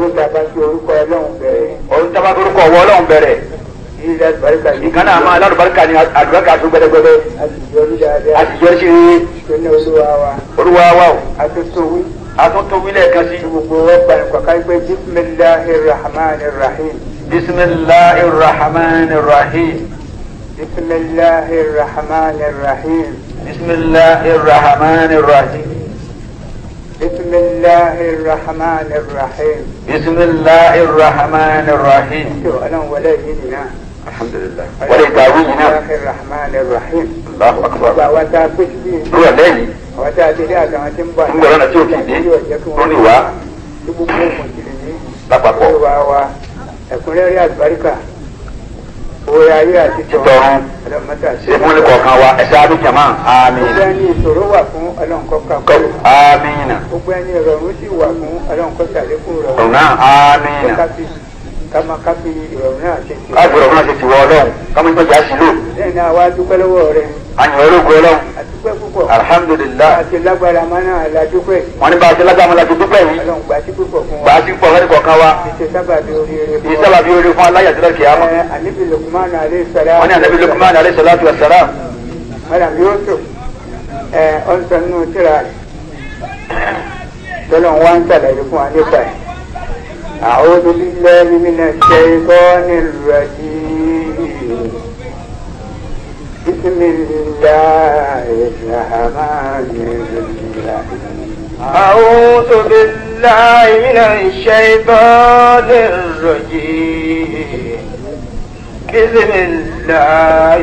orúkọ tabakorúkọ ọwọ́ ọlọ́run bẹ̀rẹ̀ nǹkan náà máa lálùbáríkà ni àdúrà tó gbẹdẹgbẹdẹ àtijọ́ ṣe olúwa wa o àtúntòwí lẹ́ẹ̀kan sí. gbogbo ọgbà ìkọ̀ká gbé bisimilahi rahman rahim. bisimilahi rahman rahim. bisimilahi rahman rahim. bisimilahi rahman rahim. بسم الله الرحمن الرحيم بسم الله الرحمن الرحيم أنا ولا جدنا الحمد لله ولا بسم الله الرحمن الرحيم الله أكبر ليلي تنبع أنا توكي دي وا orí ayé àti tọ̀run ìfúnni wa ẹ̀ṣẹ̀ àbí jama àmín. gbogbo ẹni ìṣòro wà fún ọlọ́nkọ́ka kú. àmín. gbogbo ẹni ìrọ̀rùn sì wà fún ọlọ́nkọ́ta lẹ́kùn ọ̀nà àmín kama káfí ìrọ̀rùn náà ṣe ti. káfí ìrọ̀rùn náà ṣe ti wọ ọlọ́run kámi tó jà sí lò. lẹ́yìn náà wá dúpẹ́ lọ́wọ́ rẹ. àyàn ológun ọlọ́run. àdúpẹ́ púpọ̀. alihamudulilayi. àti lágbára máa náà la dúpẹ́. wọ́n ní bá a ti lágbára máa la ti dúpẹ́ yìí. ọlọ́run gbàtí púpọ̀ fún wa. gbàtí púpọ̀ fẹ́ni kọ̀ọ̀kan wa. ìṣe sábàbí oríire fún wa. fún aláyàtúndà kìámà. àníbi lukumanu aleyhi salaam. wọ́n ní أعوذ بالله من الشيطان الرجيم بسم الله الرحمن الرحيم أعوذ بالله من الشيطان الرجيم بسم الله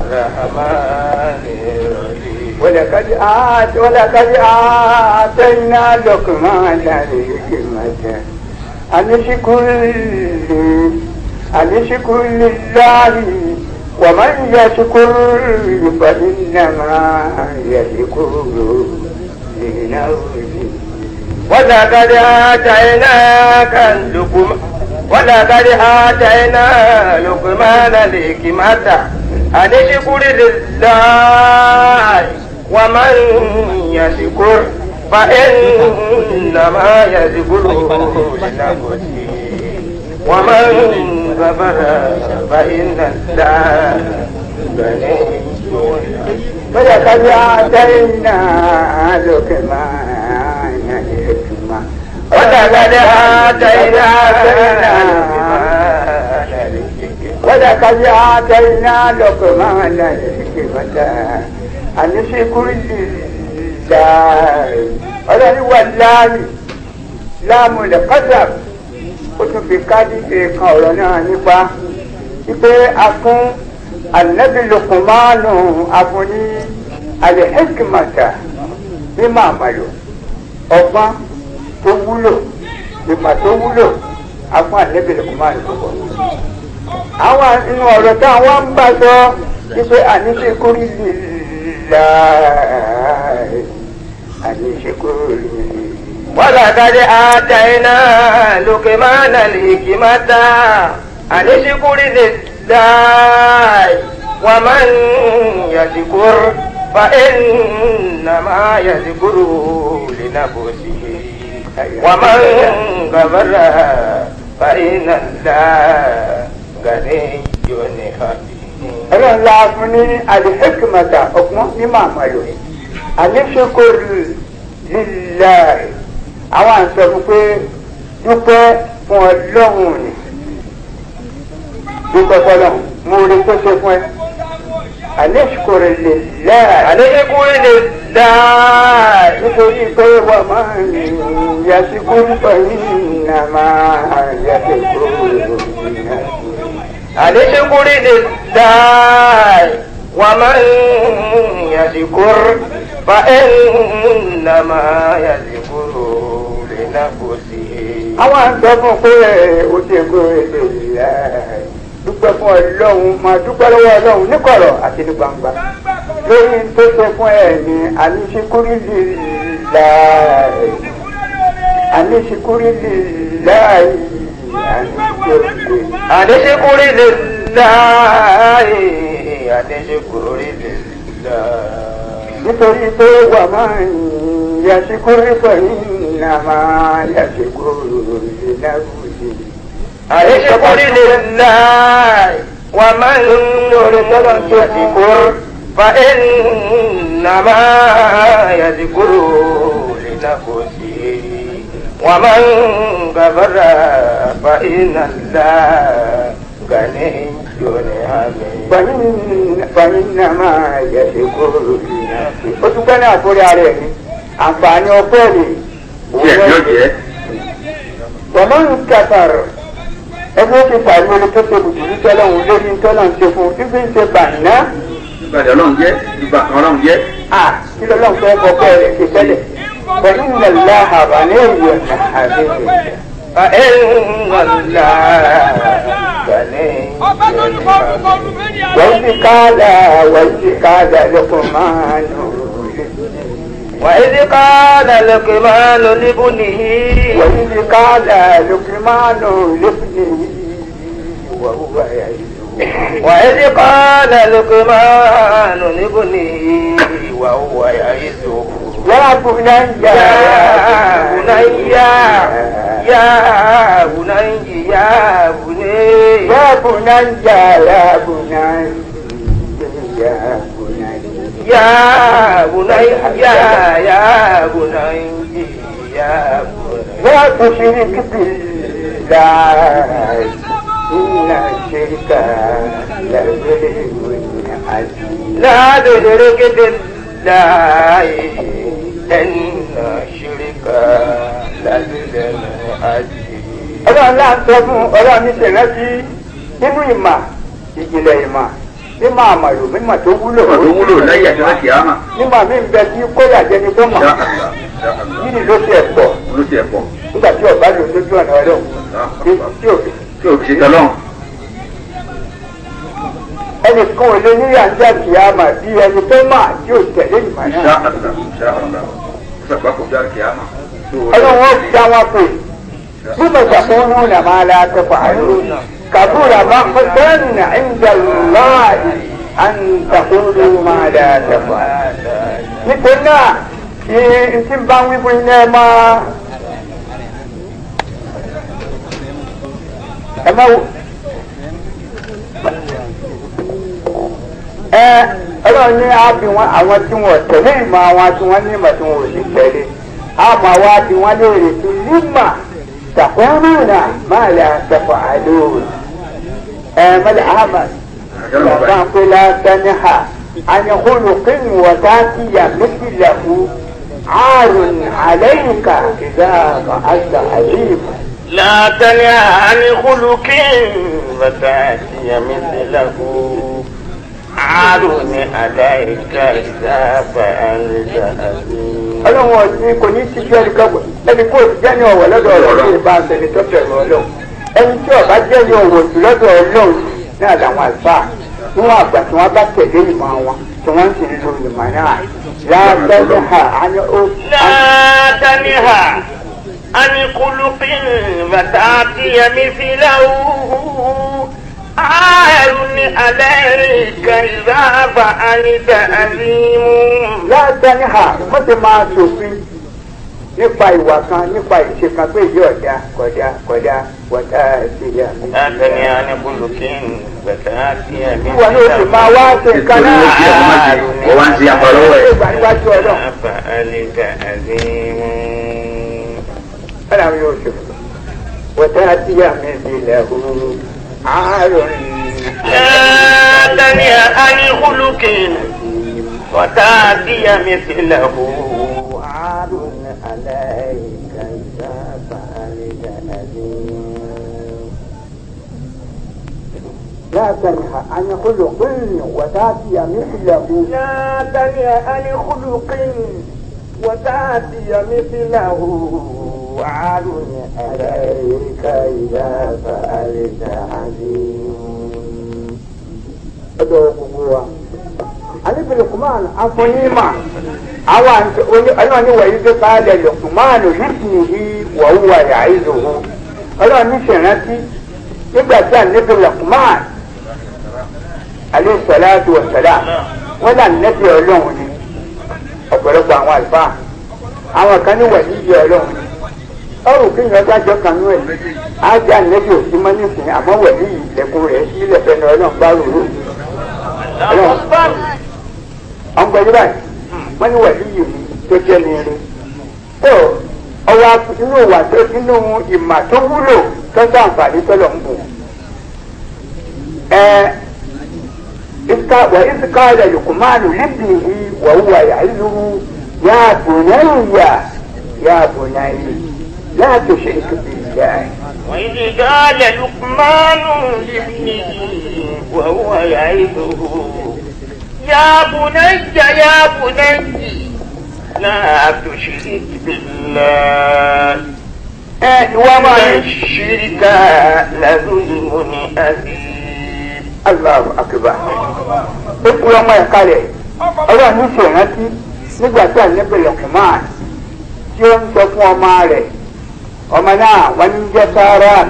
الرحمن الرحيم ولقد آت ولقد آتينا لقمان الحكمة أنشكر أنشكر لله ومن يشكر فإنما يشكر لنفسه ولقد آتيناك اللقم ولقد آتينا لقمان الحكمة أن اشكر لله ومن يشكر فإنما يذكره لنفسه ومن كفر فإن الله غني ولقد آتينا لقمان الحكمة ولقد آتينا ولقد آتينا لقمان الحكمة أن في كل láàyè ọlọ́ni wà láàyè láàmú lẹ́kọ́dà ó tún fi káàdì èèkan ọ̀rọ̀ náà nípa wípé a fún anabi lukumanu afunni alihikimata ní màmá lò ọgbọ́n tó wúlò ìmọ̀ tó wúlò afún àlẹ́bí lukumanu púpọ̀. àwọn inú ọ̀rọ̀ táwọn ń bá sọ wípé àníṣe kórìí láàyè. ولقد آتينا لقمان الحكمة أن اشكر لله ومن يشكر فإنما يشكر لنفسه ومن كفر فإن الله غني حميد. أنا لا أفني الحكمة أقوم بما ملوك àníṣekòrò lílà àwọn àǹsọ fún pé dúpẹ́ fún ọlọ́run ni dúpẹ́ fọlọ́run mo rí tó ṣe fún ẹ àníṣekòrò lílà. àníṣekòrò lílà. nítorí pé wà máa ń yàtìkú pẹ̀lú ìnàmà yàtìkú. àníṣekòrò lílà. ومن يذكر فإنما يذكر لنفسه àwọn àgbẹ̀ fún pé ó ti gbé èdè rẹ̀ dúpẹ́ fún ọlọ́run máa dúpẹ́ lọ́wọ́ ọlọ́run níkọ̀rọ̀ àti ní gbangba lórí tó ṣe fún ẹ ní àníṣekúrí líláì àníṣekúrí líláì àníṣekúrí líláì adéṣekúrò ríbi ìlà. nítorí pé wà máa ń yàṣekúrò pẹ̀lú ìlànà yàṣekúrò ìlànà òye. adéṣekúrò lèlá wà máa ń lórí lọ́dọ̀ tó ti kó fa ìlànà yàṣekúrò ìlànà òye. wà máa ń gàbàrà fa ìlànà fàyínàmá yẹ̀dẹ̀kọ́ ó dúpẹ́ náà fórí ara ẹ̀ ni àǹfààní ọpẹ́ rẹ̀ òun yóò jẹ́. bàbá ń kàtàrọ̀ ẹgbẹ́ ti pàrọ̀ ní pẹ́pẹ́ bùtùrú tọ́lọ̀ òun lórí tọ́lọ̀ ń ṣe fún un fífi ń ṣe bàná. ìbàdàn ọlọ́run jẹ́ ìbàkan ọlọ́run jẹ́. à kí lọ́lọ́run fẹ́ bọ́ bẹ́ẹ̀ ṣe tẹ́lẹ̀ pẹ̀lú ìlàlá àbáníyẹ̀wò àbẹ̀yẹ̀ ẹ̀ẹ́dùnmọ̀lá gbẹ̀lẹ́ wọ́n ti káàdà wọ́n ti káàdà Lukumanu وإذ قال لقمان لابنه وإذ قال لقمان لابنه وهو يعيش وإذ قال لقمان لابنه وهو يعزه يا بني يا بني يا بني يا بني يا بني يا بني يا بني يا بني يا يا بني يا بني لا تشرك بالله إن الشرك لظلم عظيم لا تشرك بالله ẹnìnà ṣíríkà lálẹ́lẹ́nu àdìyẹ. ọlọ́run láà ń sọ fún ọlọ́run ní ṣèrántí nínú ìmà ìjìnlẹ̀ ìmà mímọ̀ àmàlò mímọ̀ tó wúlò. mímọ̀ tó wúlò lẹ́yìn àti láti àmà. mímọ̀ mi ń bẹ kí kóyà jẹni tó mọ̀. yìí ló ti ẹ̀ pọ̀. ló ti ẹ̀ pọ̀. nígbà tí ọba lò lójú ọ̀nà ọlọ́run. tí ò fi ṣe tọ́lọ́run ẹnìkan ò lè níyà ń dá kìámà bí ẹni tó mà tí ò tẹ̀lé ìmọ̀ náà. ṣá àdá ṣá àdá ṣàgbá kò dá kìámà. ọlọ́wọ́n dá wọn pè bí mo gbàgbọ́ wọn nà máa la tẹ̀kọ̀ àlọ́ kàbúrà máa ń nà ń dà lọ́ọ̀dì à ń máa la tẹ̀kọ̀ àlọ́. nítorí náà ìsìn bá wíwú iná ẹ máa. ẹ máa wò ẹ ọlọ́run ní á bí wọn àwọn tí wọn tẹ̀lé ìmọ̀ àwọn tí wọ́n ní ìmọ̀ tí wọn ò ní tẹ̀lé á mọ̀ wá bí wọ́n léèrè tó nímọ̀ tàfẹ́mọ̀nà máa lè àtẹ̀fọ̀ àlóòrè ẹ mẹ́lẹ̀ ahmad bàbáńpẹ́lá saniha anihulukin wàtákìyà mẹ́tìlẹ̀hu àrùn àlẹ́yìnká ìdáàbà àgbà àlẹ́yìnká. لا تنه عن خلق فتأتي مثله àrùn ni àdáyéká ìsáàbà àrídà àbí. ọlọ́run ọ̀sìn kò ní sí bí ẹnìkan ẹni kó o ti jẹ́ ní ọ̀wọ̀ lọ́dọ̀ ọ̀rọ̀ ní ìbá sẹni tó bẹ̀rù ọlọ́run ẹni tí ọba jẹ́ ọ̀wọ̀ jù lọ́dọ̀ ọlọ́run ní àdàwọn àgbà níwọ̀n àgbà tí wọ́n bá tẹ̀lé ìmọ̀ wọn tí wọ́n sì ń lo ìmọ̀ náà látẹ́lẹ̀ hà á ó. látẹ́lẹ̀ hà á kúlùkì bàtà àti ẹ̀mí fi láwùú. عار عليك إذا فعلت أثيم. لا تنهى مثل ما تفيد nípa ìwà kan nípa ìṣe kan pé ìdí ọ̀dà kọjá kọjá wọ́tá ìṣèyà. látẹni a ní bùlù kí n gbẹ̀tẹ̀ sí ẹ̀mí. wọ́n ní oṣù máa wá ṣe nǹkan náà. wọ́n wá ń ṣe àpọ̀lọ́wọ́ ẹ̀. ìgbà níwájú ọlọ́run. àfà àlejò àti mú. bẹ́ẹ̀ ni àwọn yóò ṣe wọ́tá sí ẹ̀mí ìbílẹ̀ òru. عار لا عن خلق وتأتي مثله عليك إذا فعلت لا تنهى عن خلق وتأتي مثله لا تنهى عن خلق وتأتي مثله وعاد عليك إذا فعلت عظيم أدعو قبوة anabi lukuman afọnyima awa nti onye ọlọ́wọ́ ni wà yíde baálé lukuman yìí wà wúwa yà ayé lòwò ọlọ́wọ́ ni sèrántí nígbà tí anabi lukuman alẹ́ sọláàtì wà sọlá wọn là nẹ́bí ọlọ́wọ́ ni ọ̀pọ̀lọpọ̀ àwọn àlùfáà àwọn kan ní wà yíyí ọlọ́wọ́ ni ọrùn kí yẹn dájọ́ kan nú ẹ̀ ájá nẹ́bí òsì mọ́ nísìnyí àmọ́ wẹ̀lú yìí lẹ́kùn rẹ̀ sílẹ̀ fẹ́nu ọlọ́run bá rò ó. ọ̀npẹ̀ yìí báyìí wọ́n ní wẹ̀lú yìí tó jẹ́ ní irin. tó ọwọ́ inú wà tó inú ìmà tó wúlò tó ń sàǹfààní tọ́lọ̀ ń bù. ẹ wà ìsìká rẹ̀ lùkùmánù líbìlì wà wúwa yà ìlú yà bùnáyà yà bùnáyà. لا تشرك بالله وإذ قال لقمان لابنه وهو يعظه يا بني يا بني لا تشرك بالله ومن الشرك لظلم أزيم الله أكبر ikú ọmọ ẹ̀ka rẹ̀ ọlọ́run ní ṣèrántí nígbà tí àlébẹ̀lẹ̀ kìmáà tí ó ń sọ fún ọmọ rẹ̀ ọmọ náà wọ́n ń jẹ́ sọ́ọ́rọ́n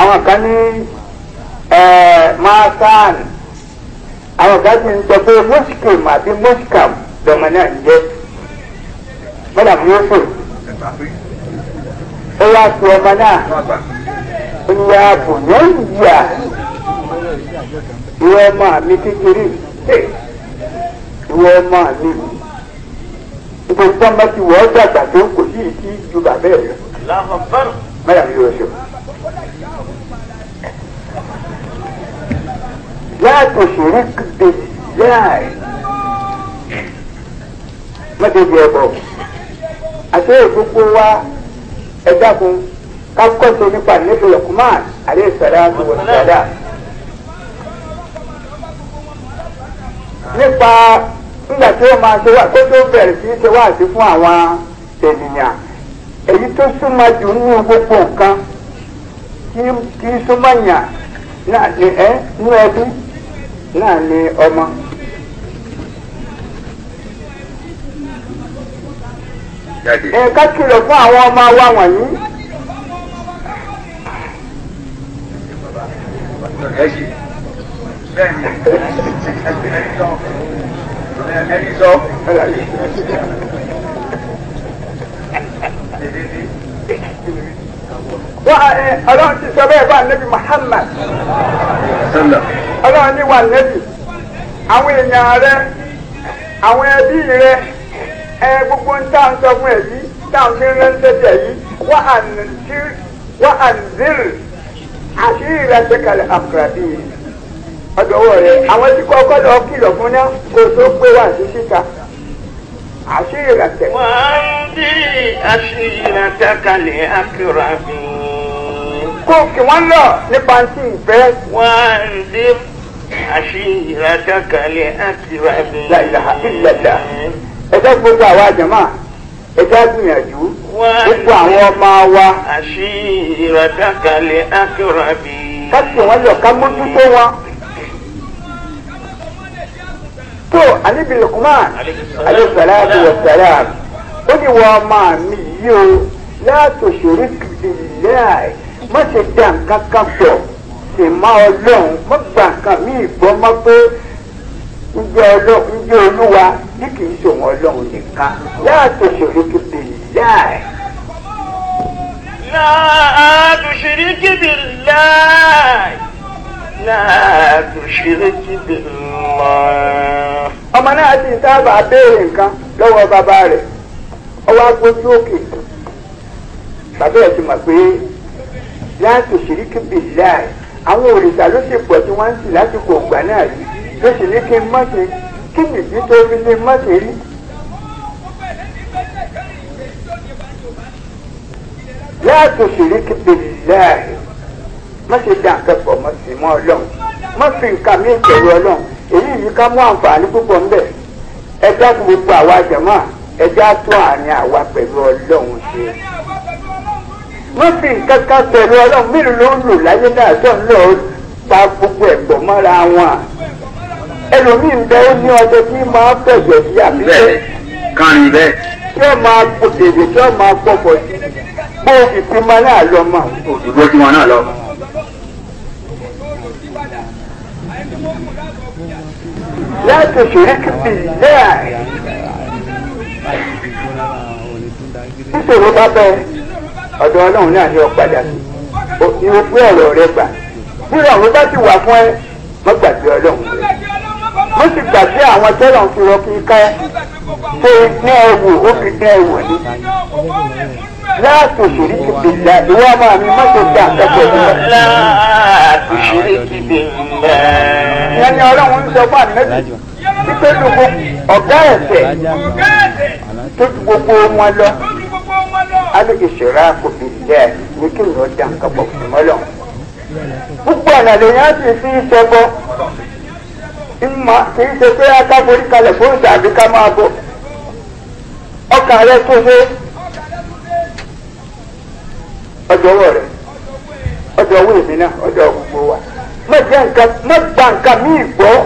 àwọn kan ní maasan àwọn kan sì ń sọ pé mọ́síkìm àti mọ́síkàm lọ́mọ náà ń jẹ́ mọ́dà mọ́sọ̀ ó wá sọ ọmọ náà ó ní wá bò lẹ́yìn ìyá ìwọ ọmọ mi kékeré ìwọ ọmọ mi nítorí tí wọ́n bá ti wọ́ ọ́ dàgbà tó kò sí ju bàbá ẹ̀ lọ. Madame Joachim. لا تشرك بالله má ti di ẹbọ àti ìgbogbo wa ẹ dákun ká kọ́sọ̀ nípa nípa Luqman alayhi salatu wa salam nípa nígbà tí wọ́n máa ṣe wá tó tó bẹ̀rẹ̀ sí ṣe wá sí fún àwọn ènìyàn èyí tó súnmọ́ jù nínú gbogbo nǹkan kí súnmọ́ yàn náà ni ẹ nínú ẹbí náà ni ọmọ. ká kìlọ̀ fún àwọn ọmọ wa wọ̀nyí. Bẹ́ẹ̀ni, ẹni sọ, ẹni sọ. ọlọ́run ti sọ bẹ́ẹ̀ bá Muhammad ọlọ́run ní wà nẹ́bí àwọn rẹ àwọn ẹbí rẹ gbogbo ń tà ń sọ fún ẹ yìí tà ń fi ránṣẹ́ jẹ yìí wà á nzírí àti ìrẹsẹ̀ kalẹ̀ عشيرتك وأنذر عشيرتك الأقربين kó kí wọ́n lọ nípa tí ìfẹ́. وأنذر عشيرتك الأقربين. لا إله إلا الله. ẹ jẹ́ gbogbo àwa jẹ̀mọ́ ẹ jẹ́ gbìyànjú gbogbo àwọn ọmọ wa. àṣírí ìrọ̀dàkàlẹ̀ akọ̀rọ̀bì. ká sì wọ́n lọ ká mójútó wọn tó anabi Luqman alayhi salatu wa salam ó ní wọ́n máa mi yí o la tushrik billahi má ṣe dá nǹkan kan pọ̀ sì má ọlọ́run má gba nǹkan mí ìbọn má pé ǹjẹ́ ọlọ́run ǹjẹ́ olúwa bí kì í ṣòwò ọlọ́run nìkan la tushrik billahi. la tushrik billahi la tushrik billahi ọmọ náà sì ń sábà béèrè nǹkan lọ́wọ́ bàbá rẹ̀ ọwọ́ agbójú òkè bàbá ẹ̀ ti mọ̀ pé láti ṣìríkì bìlá ẹ̀ àwọn òrìṣà ló ṣe pọ̀ tí wọ́n ń sì lásìkò ògbà náà rí ló sì ní kí n mọ̀ sí kí nìdí tó fi ní mọ̀ sí rí. láti ṣìríkì bìlá ẹ̀ má ṣe dá pọ̀ mọ́ sí mọ́ ọlọ́run má fi nǹkan mi ìṣòro ọlọ́run èyí yìí ká mú àǹfààní púpọ̀ ńbẹ̀ ẹ dákun gbogbo àwa jẹ̀mọ́ ẹ já tún àárín àwa pẹ̀lú ọlọ́run ṣe. wọ́n fi nǹkan kan pẹ̀lú ọlọ́run mélòó ló ń lò láyé náà tó ń lọ pa gbogbo ẹ̀gbọ́n mọ́ra wọn. ẹlòmíín bẹ ó ní ọjọ́ tí máa ń bẹ̀jẹ̀ sí àbílẹ̀. bẹ́ẹ̀ kan rí bẹ́ẹ̀. kí ọ máa gbòdèdè kí ọ máa pọ̀ pọ̀ sí i. bó o fi fi máa náà lọ mọ̀. òdòdó tí wọn náà lọ. لا تشرك بالله nítorí bá bẹ ọ̀dọ̀ ọlọ́run náà ní ọ̀padà sí ìwò pé ọ̀rọ̀ rẹ gbà bí ọ̀run bá ti wà fún ẹ mọ́ gbàgbé ọlọ́run rẹ wọ́n sì gbàgbé àwọn tẹ́lọ̀ ń fi rọ́ọ̀kì ká ṣe ní ẹ̀wù ó fi ní ẹ̀wù ní láàtò ṣèrí ti bè dá ìwọ ọmọ mi má ṣe dá àtẹkọ ẹni lọ. láàtò ṣèrí ti bè dá. ìyẹn ni ọlọ́run ń sọ fún àdínẹ́bì títí gbogbo ọ̀gá ẹ̀fẹ̀ tó ju gbogbo wọn lọ. alóye ṣẹ̀rá kò fi dẹ́ ní kí ìrọ̀ dá nǹkan pọ̀ fún mọ́lọ̀. púpọ̀ ọ̀nà lèyìn á sì fi ṣẹ́gbọ́. ìmọ̀ kì í ṣe pé akáforí kalẹ̀ fóònù tàbí ká máa bọ̀. ọkàn rẹ̀ tó ṣe é ọjọ́ ọwọ́ rẹ ọjọ́ ọwọ́ èmi náà ọjọ́ gbogbo wa má gba nǹkan míì gbọ́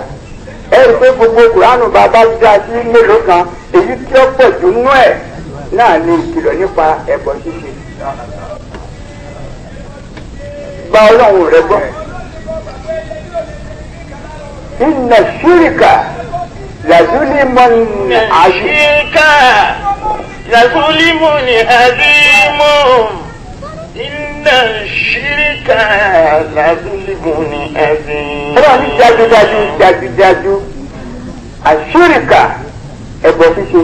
ẹ rí i pé gbogbo kuranu bàbá já sí mélòó kan èyí tí ó pọ̀ jù nú ẹ̀ náà ni ìkìlọ̀ nípa ẹbọ ṣíṣe gba ọlọ́run rẹ gbọ́ inna shirika lazulimun azim. shirika lazulimun azim iná ṣíríkà làbúlìbùn ní ẹ̀sìn. ọlọ́run ní dájúdájú dájúdájú àṣíríkà ẹ̀bọ̀ ṣíṣe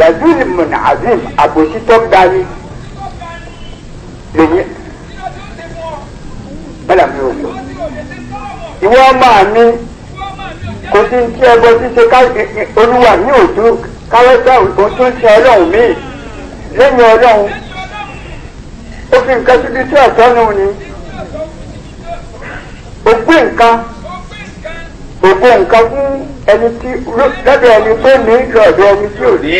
làbúlìbùn azim àbòsítọ́ gbani lèyìn bẹ́ẹ̀ mi ò sọ. ìwọ ọmọ mi kò sí ti ẹbọ ṣíṣe olúwa mi ò dúró káwé sọ òtún ṣe ọlọ́run mi lẹ́yìn ọlọ́run ó fi nǹkan síbi tí àtọ́nù ni ó gbé nǹkan ó gbé nǹkan fún ẹni tí lọ́dọ̀ ẹni tó ní lọ́dọ̀ ẹni tí ò ní.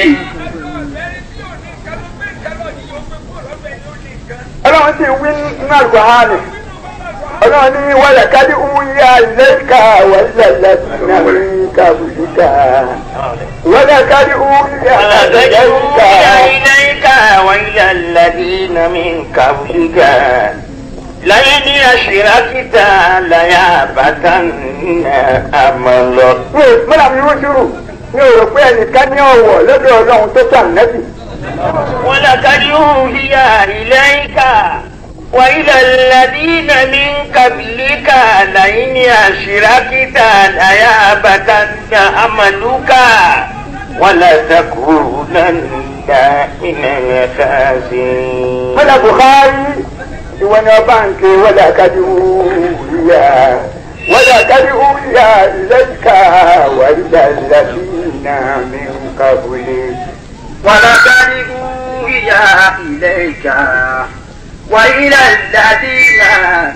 ọlọ́run sì wí nínú àlùhánì ọlọ́run ní wàlẹ̀ kájí wúyà lẹ́ka wàlẹ̀ lẹ́ka lẹ́ka wàlẹ̀ kájí wúyà lẹ́ka. وإلى الذين من قبلك لئن أشركت ليحبطن عملك. mọ́lá mi wọ́n ṣòro mi ò rò pé ẹnìkan ní ọ̀wọ̀ lọ́dọ̀ ولقد أوحي إليك وإلى الذين من قبلك لئن أشركت ليحبطن ولا ولتكونن من الخاسرين ولا بخاري وانا بانك ولا كدوليا ولا كدوليا إليك وإلى الذين من قبلك ولا كدوليا إليك وإلى الذين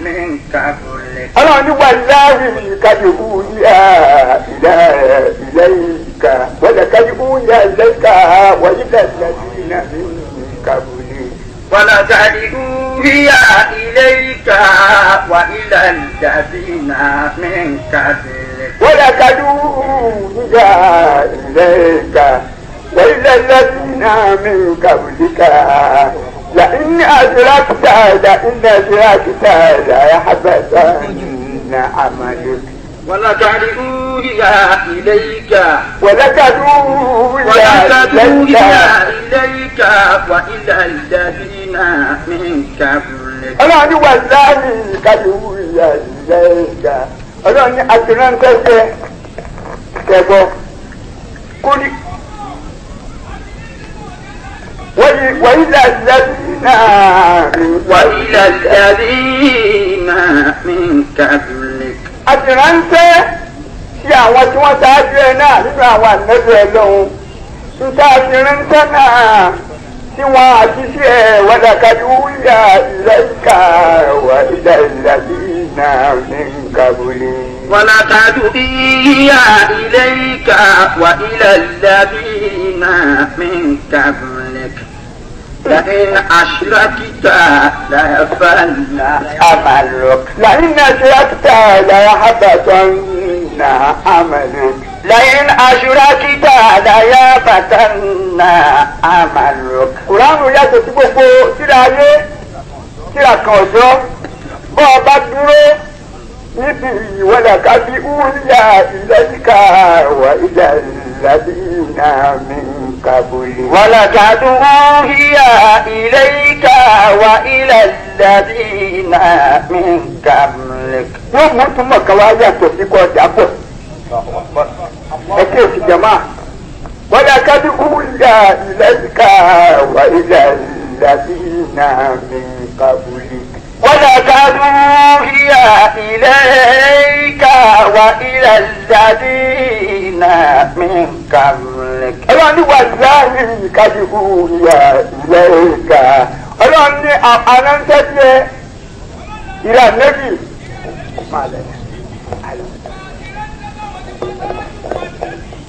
من قبلك ọlọ́run ní wàláhì kájú wúyà ilẹ̀ ìka wọlé kájú wúyà ilẹ̀ ìka wọlé bẹ̀rẹ̀ ìlànà ìka wọlé. wọlé kájú wúyà ilẹ̀ ìka wọlé ìdàbínà mẹ́ǹkà bẹ̀rẹ̀. wọlé kájú wúyà ilẹ̀ ìka wọlé ìdàbínà mẹ́ǹkà wọlé ká. لئن أدركت لئن أدركت ليحبطن عملك ولتدعوها إليك ولتدعوها إليك وإلى الذين من قبلك أنا والله كدعوها إليك أنا أدركت كيف قولي وإلى الذين وإلى الذين من قبلك أجرانت يا وشوة أجرنا لما ونزلوا أنت أجرانتنا سوى عجيشي ولك يويا إليك وإلى الذين من قبلك ولقد أوحي إليك وإلى الذين من قبلك لئن أشركت ليحبطن عملك لئن أشركت يحبطن عملك لئن أشركت ليحبطن عملك Kùránù yàtọ̀ sí gbogbo síra ayé síra kan ọ̀ṣọ́ bọ́ ọ bá dúró به ولقد أولي إليك وإلى الذين من قبل ولقد أولي إليك وإلى الذين من قبلك يوم ثم كوايا تصدقوا جابوا أكيد جماعة ولقد أولي إليك وإلى الذين من قبلك ولقد إليك وإلى الذين من قبلك ọlọ́run ní wàlúwàlú kájú ìyá ìlẹ́ẹ̀ka ọlọ́run ní àpárántẹ́tẹ́ ìlà méjì.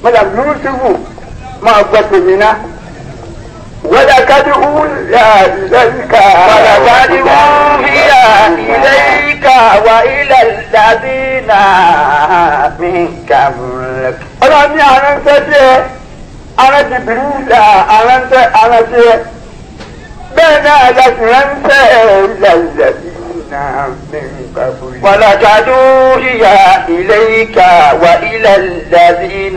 mọ̀lá lùsùfù máa gbọ́ tèmi náà. إلى إليك ولتدعو إليك وإلى الذين من قبلك أنا أنا أنت أنا جبريل أنا أنت أنا بين الذين إلى الذين من قبلك ولتدعو إليك وإلى الذين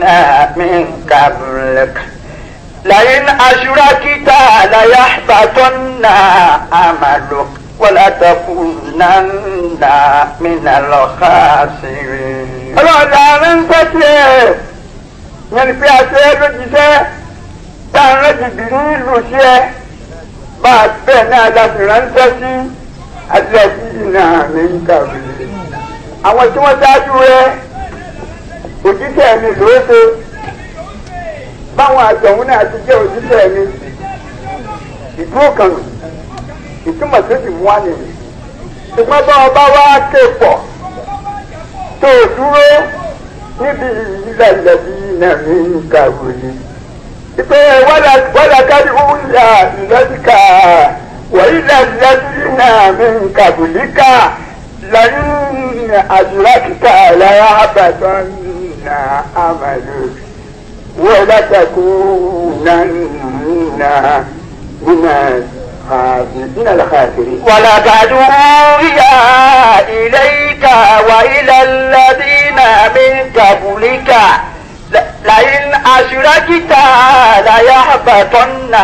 من قبلك لئن أشركت ليحبطن عملك ولتكونن من الخاسرين. ọlọ́ọ̀dà rẹ̀ ń pẹ́sẹ̀ yẹn ni pé àṣẹ ló jíṣẹ́ tá a rán jìbì nílùú sí ẹ bá a bẹ́ẹ̀ náà láti ránṣẹ́ sí àti àfihì náà ní kàwé. àwọn tí wọ́n báwọn àtọ̀hún náà ti jẹ́ òṣìṣẹ́ mi ìdúró kan nù ìtumọ̀ tó sì mú wá nìyí ṣùgbọ́n bá ọba wá ké pọ̀ tó dúró níbi ìlẹ̀lẹ̀ yìí náà ní ìkàwé yìí ìpè wàlàkàrí wúlà ìlọ́síkà wàyílẹ̀ lẹ́sìn náà ní ìkàbùlíkà lẹ́yìn àdúrà kíkà lára àbàtàn náà àmàlùkì. ولتكونن من من الخاسرين ولتدعويا إليك وإلى الذين من قبلك لئن أشركت ليحبطن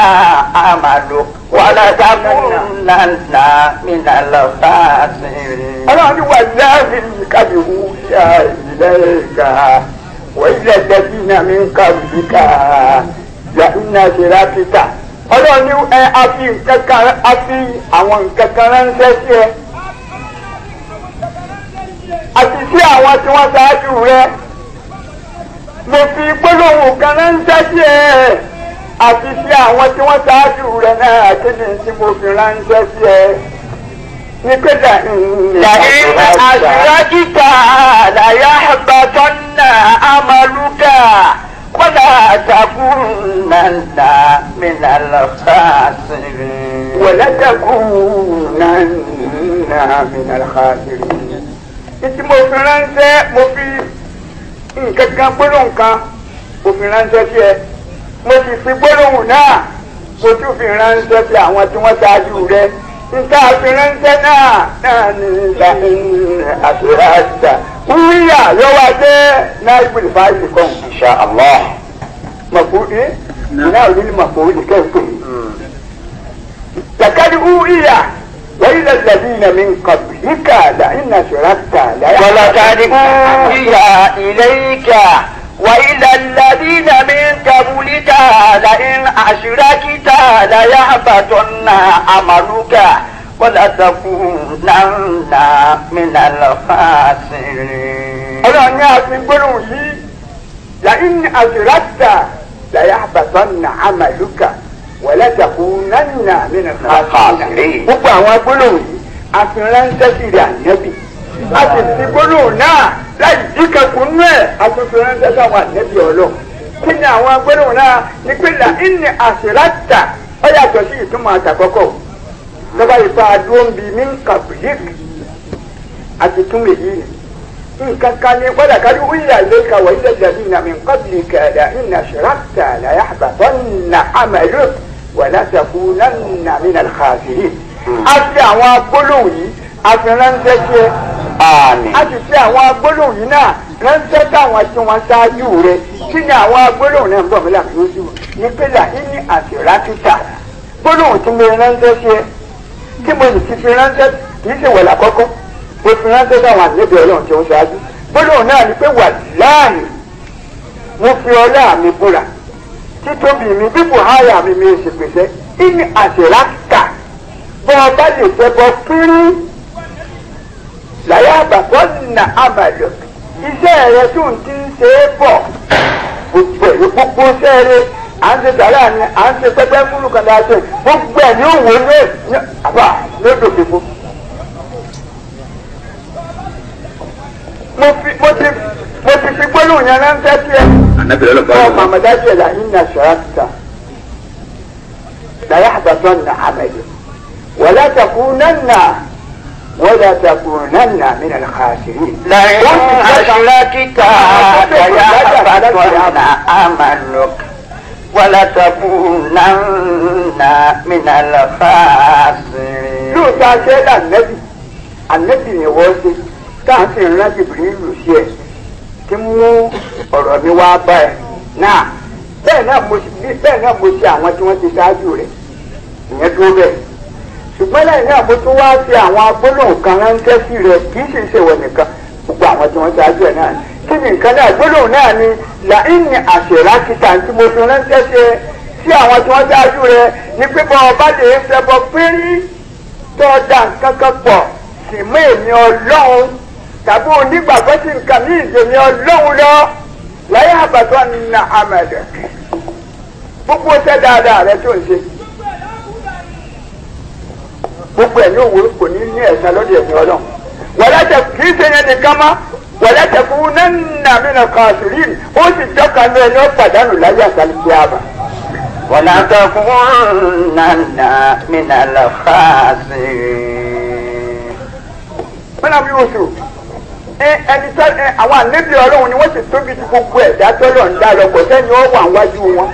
عملك ولتكونن من الخاسرين. أنا وذلك بوحي إليك wọ́n ilẹ̀ dẹ́bí náà mi ń ka òbíkà yàtúnà ṣẹlá títà ọlọ́run ní ẹ a fi nǹkan kan a fi àwọn nǹkan kan ránṣẹ́ sí ẹ àti sí àwọn tí wọ́n ṣáájú rẹ mo fi gbólóhùn kan ránṣẹ́ sí ẹ àti sí àwọn tí wọ́n ṣáájú rẹ náà kí ni tí mo fi ránṣẹ́ sí ẹ wípé làyín àṣìrájìta làyà àgbàtọ́nà àmàlùkà kọ́là àtàkùnàlà mìnàlọ́fàṣìrì. wọ̀lá tàkùnàlà mìnàlọ́fàṣìrì. títí mo fi ránṣẹ́ mo fi nǹkan kan gbólóhùn kan mo fi ránṣẹ́ sí ẹ mo sì fi gbólóhùn náà mo tún fi ránṣẹ́ sí àwọn tí wọ́n ṣáájú rẹ nta àfiránṣẹ́ náà náà ní ìlà àfiránṣẹ́ wúyà lọ́wọ́ dé náà ìpìlẹ̀ fáìlì kan. insha allah. màkúndé náà rí ni màkúndé kẹ́kọ̀ọ́ yìí. lakadi wúyà وإلى الذين من قبلك لئن أشركت ليحبطن إليك وإلى الذين من قبلك لئن أشركت ليحبطن عملك ولتكونن من الخاسرين. أنا ní àfihàn لئن أشركت ليحبطن عملك ولتكونن من الخاسرين. gbogbo àwọn gbólóhùn yìí àfihàn ń tẹ́sí rẹ̀ ànábì. a sì fi gbólóhùn náà láì díkẹ̀kùn nú ẹ̀ àtúntò ránṣẹ́ sáwọn ànẹ́bí ọlọ́ kí ni àwọn gbólóhùn náà ní pé là ń ní àṣìláta ó yàtọ̀ sí ìtumọ̀ àtàkọ́kọ́ lọ́ba ìfọ̀ àdúró ń bi mí ń kàbíyèsí àti túmọ̀ èyí nǹkan kan ní wọ́dà kárí wíyà lẹ́ka wọ́n ilẹ̀ ìdàbí ìnàmì nǹkan bìí kẹ̀dà ìnà ṣìrántà làyà àbàbọ̀ nà àmàlù wàlá sàkúnà nà mí nà kàfìrí. àwọn agbólóhùn yìí àti ránṣẹ́ sí ẹ. àmín. a sì fi àwọn agbólóhùn yìí náà ránṣẹ́ káwọn tí wọ́n ṣáájú rẹ kí ni àwọn agbólóhùn náà ń bọ̀ mílà fún oṣù ní pẹ́lá ìní àti rákìtà gbólóhùn tí mo ránṣẹ́ sí ẹ tí mo sì ti fi ránṣẹ́ kì í ṣe wọ̀ lákọ́kọ́ mo fi ránṣẹ́ káwọn àtẹ̀lẹ́bẹ̀ ọlọ́run tí wọ́n ṣáájú gbólóhùn náà ni pé wà láàyè mo fi ọlá mi búra títóbi mi bíbù háyà mi mi ṣèpèsè ìní àṣẹ rákìtà bọ́ bá lè fẹ́ bọ́ pírín láyà àbàkọ́ nà àbàlọ́ iṣẹ́ rẹ tó ń ti ń ṣe é bọ̀ gbogbo ẹ̀ gbogbo iṣẹ́ rẹ à ń ṣe sàrà ni à ń ṣe pẹ́pẹ́ fúlù kan dáa ṣe gbogbo ẹ̀ ní òwò ní àbá lódò fífo. mo fi mo ti mo ti fi gbólóhùn yẹn ránṣẹ́ sí ẹ. ànábìrẹ́ ló bá wọn. ọ màmá ẹ̀ láyé ní aṣọ àtúntà láyà àbàtọ́ nà àmẹ́lẹ́ wọ́lá takùn náà nà. ولا تكونن من الخاسرين لئن أشركت ليحبطن عملك ولتكونن من الخاسرين lóòótọ́ aṣẹ́ lànẹ́bì ànẹ́bì ni wọ́n ṣe káàsì ńlá jìbìrì ìlú sí ẹ̀ tí mú ọ̀rọ̀ mi wá bá ẹ̀ náà bẹ́ẹ̀ náà mo ṣe àwọn tí wọ́n ti ṣáájú rẹ̀ ìyẹn dúró bẹ́ẹ̀ ṣùgbọ́n lẹ́yìn náà wá fi àwọn agbólóhùn kan ránṣẹ́ sí rẹ̀ kì í sì ṣe wọ̀ nìkan gbogbo àwọn tí wọ́n ṣáájú ẹ̀ náà ni kí ni nǹkan náà gbólóhùn náà ni làyìn ni àṣẹ̀rá kíta tí mo fi ránṣẹ́ ṣe sí àwọn tí wọ́n ṣáájú rẹ̀ ní pípọ́ ọba lè fẹ́bọ péré tó da nǹkan pọ̀ sì mú èmi ọlọ́run tàbí onígbàgbọ́ sí nǹkan ní ìdèmí ọlọ́run lọ láyé àbàtọ́ na àmàlẹ̀ gbogbo ṣẹ́ dáadáa rẹ tó ń ṣe gbogbo ẹ̀ ní òwe kò ní ní ẹ̀sán lọ́dọ̀ ẹ̀sìn ọlọ́run wọ̀lẹ́tẹ̀ kì í ṣe yẹn nìkan mọ́ wọ̀lẹ́tẹ̀ kú nánà mìíràn kan àṣírí ó sì tọ́ka lọ ẹni ó pàdánù láyé àtàlù kí a bà. wọ̀lẹ́tẹ̀ kú nánà mìíràn lọ fà àṣírí. mọ́nà bí wọ́n sọ ẹni tọ́ àwọn àlébí ọlọ́run ni wọ́n sì tóbi ju gbogbo ẹ̀dá tọ́lọ̀ ń dá lọ kò sẹ́ni ó wà wájú wọn.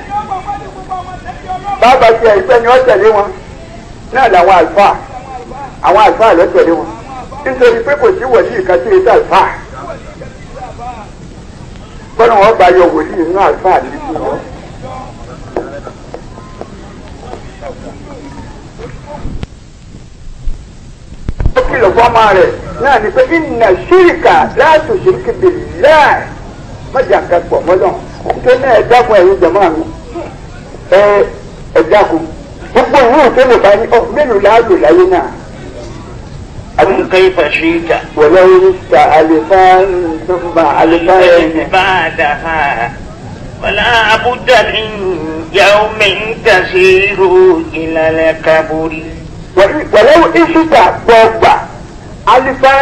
bàbá tiẹ̀ ìfẹ́ ni ó tẹ̀lé wọn náà làwọn àlùfáà àwọn àlùfáà ló tẹ̀lé wọn nítorí pé kò sí wòlíì kan sí ètò àlùfáà gbọ́dọ̀ wọn bá yọ wòlíì inú àlùfáà nínú wọn. ó kìlọ̀ fọ́mọ rẹ̀ náà ni pé ìnà ṣíríkà láti ṣíríkì bèrè láì mọ̀jà kan pọ̀ mọ́lọ̀ nítorí náà ẹ dákun ẹ̀yin jẹ̀mọ́ mi ẹ ẹ dákun gbogbo ìwé òfin lè bá ní ọ oh, mélòó la lò láyé náà. àwọn nǹkan ìfà ṣe é jà. wọlé orí ta àlefa nfa àlefa ẹ̀yẹ. bá a dà ha wàlá abúdá mi yàwó mi ń kà sí irú ìlànà kábórì. wọlé ìfìtà gbọgbà àlefa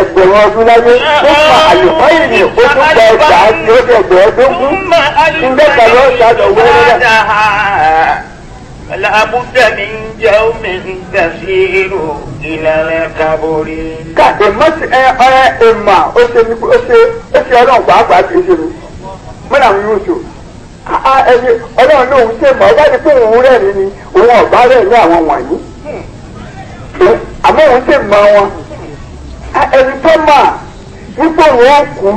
ẹgbẹ̀rún ọdún láyé ó fa àlùfáà ènìyàn ó tún gba ọjà àti ọjà ẹgbẹ̀rún ọdún kú ń bẹ́ẹ̀ kà lọ́ọ̀ṣà lọ́wọ́ rẹ̀. لا من يوم تسير إلى القبر. káàkiri mọ́sí ẹ ẹ ẹ mà ó ṣe ní ó ṣe ó ṣe ẹni ọlọ́run náà ń ṣe mọ̀ ọ́ láti fún òun rẹ̀ ni òun ọ̀bá rẹ̀ ní àwọn wọ̀nyí àmọ́ òun ṣe mọ̀ wọn ẹni tó mà wípé òun ó kú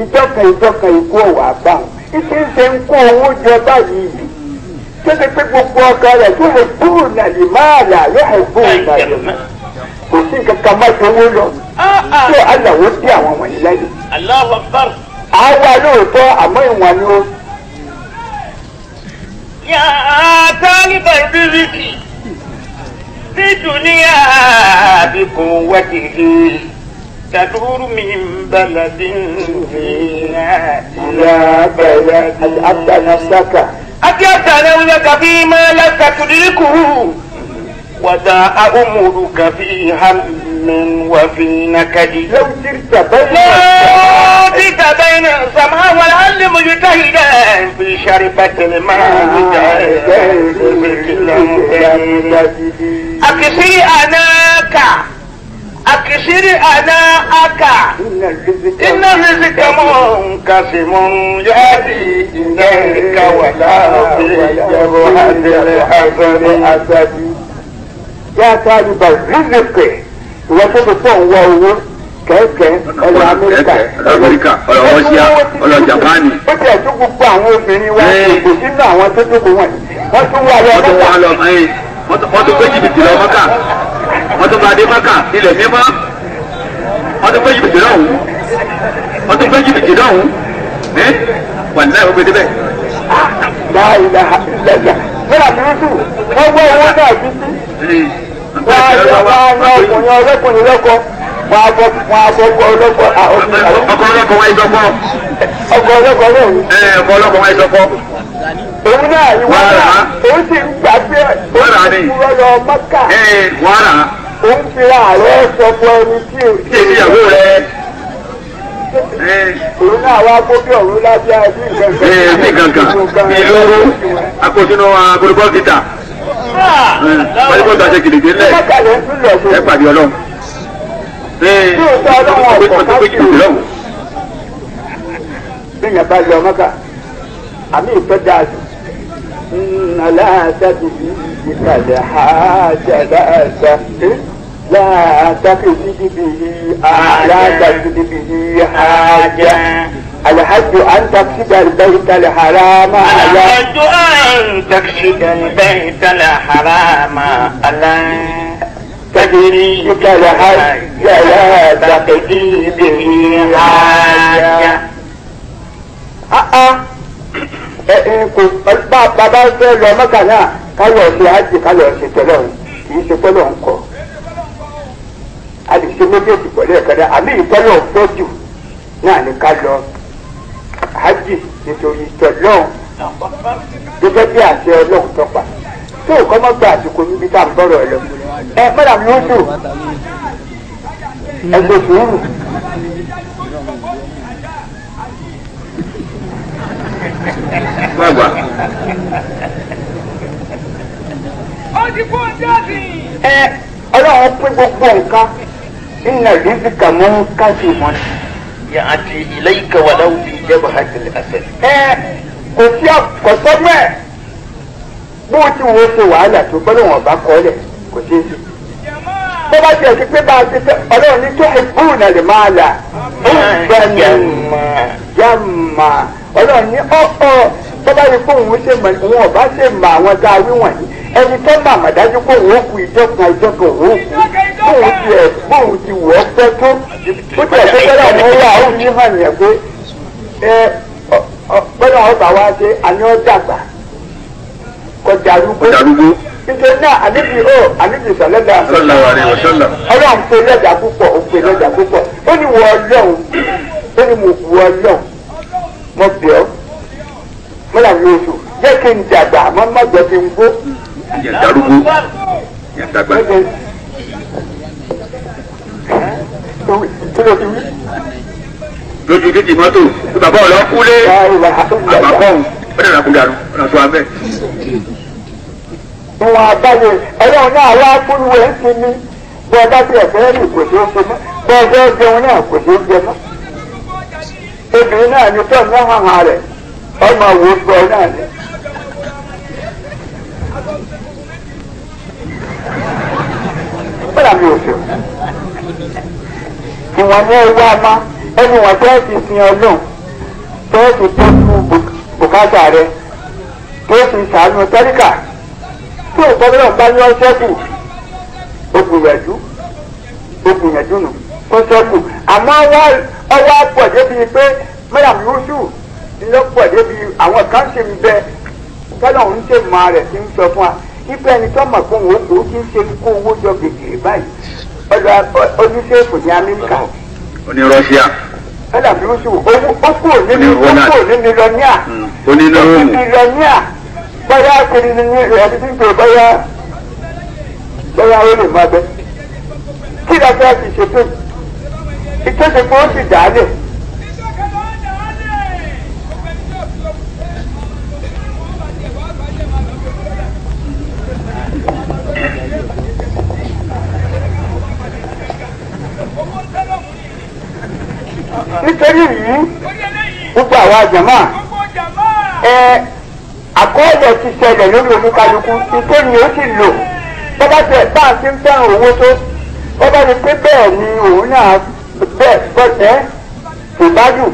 ìjọkan ìjọkan ìkú ọ̀wà bá ìṣe ń ṣe ń kó owó jẹ báyìí kéde pé gbogbo ọkọ rẹ̀ yóò hẹ̀ bóun náà lè máa là yóò hẹ̀ bóun náà lè máa kò sí nǹkan kan má jowó lọ tó aláwo dé àwọn wọ̀nyí lẹ́yìn. àwa lóòótọ́ àmọ́ ìwọ̀n ni ó. yà á tálíbà ríríkì ní dùníyà àbíkún wákìlì tàdúrú mi ń balàdí àti àtàlà sákà. أجرت نولك فيما لك تدركه ودا أمرك في هم وفي نكد لو سرت بين سرت بين السماء والعلم مجتهدا في شربة الماء آه، أكسي أناك akisiri ana aka ina rizika mun kasimun yadi ina rika wala yabo hadari hasari asadi. ya ta yi ba riziki wasu da son wa owó kẹ̀kẹ́ ọlọ amẹ́ríkà ọlọ rọ́ṣíà ọlọ japani. ó ti ẹ̀tún gbogbo àwọn obìnrin wa kò sínú àwọn tó dókòwò wọn tún wá lọ mọ́ta. wọ́n tún péjì bìtì lọ mọ́ta wọ́n tún bá adé mọ́kà ilẹ̀ mímọ́ wọ́n tún gbé jìbìtì lọ́hùn wọ́n tún gbé jìbìtì lọ́hùn ẹ́ wọ́n náà wọ́n gbé débẹ̀. báyìí la lẹ́yà nígbà tí wọ́n tún wọ́n gbọ́ owó náà bí sí. wọ́n á yọ ọkùnrin ọlọ́kùnrin lọ́kọ wọ́n á bọ́ wọ́n á bọ́ ọkọ ọlọ́kọ ah, ọkọ ọlọ́kọ wáyé dọ́kọ. ọkọ ọlọ́kọ náà. ẹ ọkọ ọlọ́kọ wáyé dọ́kọ. òun náà ìwọ náà òun sì ń gbà pé òun ti kúrò lọ mọ́kà. wàrà ó ń fira ààrẹ sọ̀kọ ẹni tí ò sí ìyàwó rẹ. òun náà wá gbókè ọ̀run lábẹ́ ẹbí ìgbẹ́sẹ̀. ẹ ní kankan ìlú akosinu abolobọ títà wọ́n yóò dáṣẹ́ gidigidi lẹ̀ ẹ pàdé ọlọ́run. ee wọ́n tó péjú ọlọ́run. bí yẹn bá yọ mọ́kà àmì ìfẹ́ dáa sí nàlá àtàkùn yìí ìkàlẹ̀ àjàdá àṣà. لا تقصد به لا تقصد به حاجة الحج أن تقصد البيت الحرام الحج أن تقصد البيت الحرام ألا تدري كالحج لا تقضي به حاجة bàbá fẹ́ lọ mọ́kànlá ká lọ ṣe ájì ká lọ ṣe tẹ́lọ̀ kì í a lè ṣe méjèèjì pẹ̀lú ẹ̀kẹ́dá àmì ìtọ́lọ̀ fẹ́ jù náà ní ká lọ hajj nítorí tọ́lọ́hún gẹ́gẹ́ bí àṣẹ ọlọ́run tọ́pa tó kọ́ mọ́ gba àsìkò níbi tá à ń bọ̀rọ̀ ẹ lọ. ẹ mọ́dà mi ó sùn ẹ gbé sùúrù. Bàbá. Ó ti kú ọjọ́ sí. Ẹ ọlọ́run pín gbogbo nǹkan inna rizqa munkasimun ya'ti ilayka wa law fi jabhatil asad. ẹ kò sí àkọsọ́gbọ́ ẹ̀ bó o ti wo ṣe wàhálà tó gbọ́dọ̀ wọn bá kọ́ lẹ̀ kò ṣeé ṣe. tó bá ti ẹ̀sìn pé bá a ti fẹ́ ọlọ́run ní tó ẹ̀kún náà lè máa là ó gbẹ̀mí jàmà ọlọ́run ní ọ̀ ọ̀ tọ́ba yìí fún òun ṣe mọ̀ òun ọ̀bá ṣe mọ̀ àwọn tá a wí wọ̀nyí ẹni tó mà dájú pé òun ó kú ìjọkan ìjọkan òun ó kú bóun ti ẹ̀ bóun ti wọ̀ ọ́ pẹ́ tó ó ti ẹ̀ tó tẹ́lẹ̀ mọ́ wá ó ní hàn yẹn pé ẹ bọ́dọ̀ ọba wa ṣe àní ọ́ kọjá arúgbó nítorí náà àníbi ó àníbi ìsọ̀lẹ́dà ọlọ́run pé lẹ́dà púpọ̀ ó pé lẹ́dà púpọ̀ ó ní wọ ọlọ́run ó ní mo wọ ọlọ́run mo bẹ̀ ọ́ mo là ní oṣù jẹ́ kí n dàgbà àmọ́ má jẹ́ kí n gbó. yẹn darúgbó yẹn dàgbà. lójú títì mọ́tò tí bàbá ọ̀lọ́ kúlé bàbá kọ́hún ó dàgbà kú dànù ọ̀nà tó wà bẹ́ẹ̀. ìwọ̀n àbáyé ọlọ́run náà wá kúrú ẹ̀ ń sinmi bí ọba tí ẹ̀fẹ́ rìn kò tó ṣe mọ́ bí ọjọ́ jẹun náà kò tó ṣe mọ́ obìnrin náà ní tọ́ọ̀ náà hàn rẹ̀ ọmọ wo gbọ́ náà ni. bọ́lá mi ò fẹ́ ìwọ̀n ní ẹwà má ẹni wọ́n tẹ́ ti sin ọlọ́run tẹ́ ti tó fún bùkátà rẹ tó ti sàánú tẹ́ríkà tó gbọ́dọ̀ bá yọ ṣẹ́kù o gbìyànjú ó gbìyànjú nù ó ṣẹ́kù àmọ́ ọwọ́ ọwọ́ pọ̀ débi pé mẹ́ràn yóò ṣù lọ́pọ̀ débi àwọn kan ṣe ń bẹ tọ́lọ̀ ń ṣe mọ rẹ̀ tí ń sọ fún wa ipe ẹni tó mọ̀ pé òun kò kí ń ṣe kó owó jọ gègèrè báyìí oníṣègùn ní Amẹ́ríkà. oní Rọ́ṣíà. ọ̀là burúkú ó kú òní mílíọ̀nìà. oní Róòmù. mílíọ̀nìà bóyá kiri ni ní rẹ̀ títí tó bóyá bóyá ó lè má bẹ́. kí ló fẹ́ fi ṣètò ìtọ́jú pé ó sì dá nítorí yìí gbogbo àwọn àjàmá ẹ àkọọ́lẹ̀ ti ṣẹlẹ̀ lórí ó sì lò bọ́bá tẹ bá a ti ń fẹ́ràn owó tó bọ́bá ni pé bẹ́ẹ̀ ni òun náà bẹ́ẹ̀ bọ́tẹ́ ìbádùn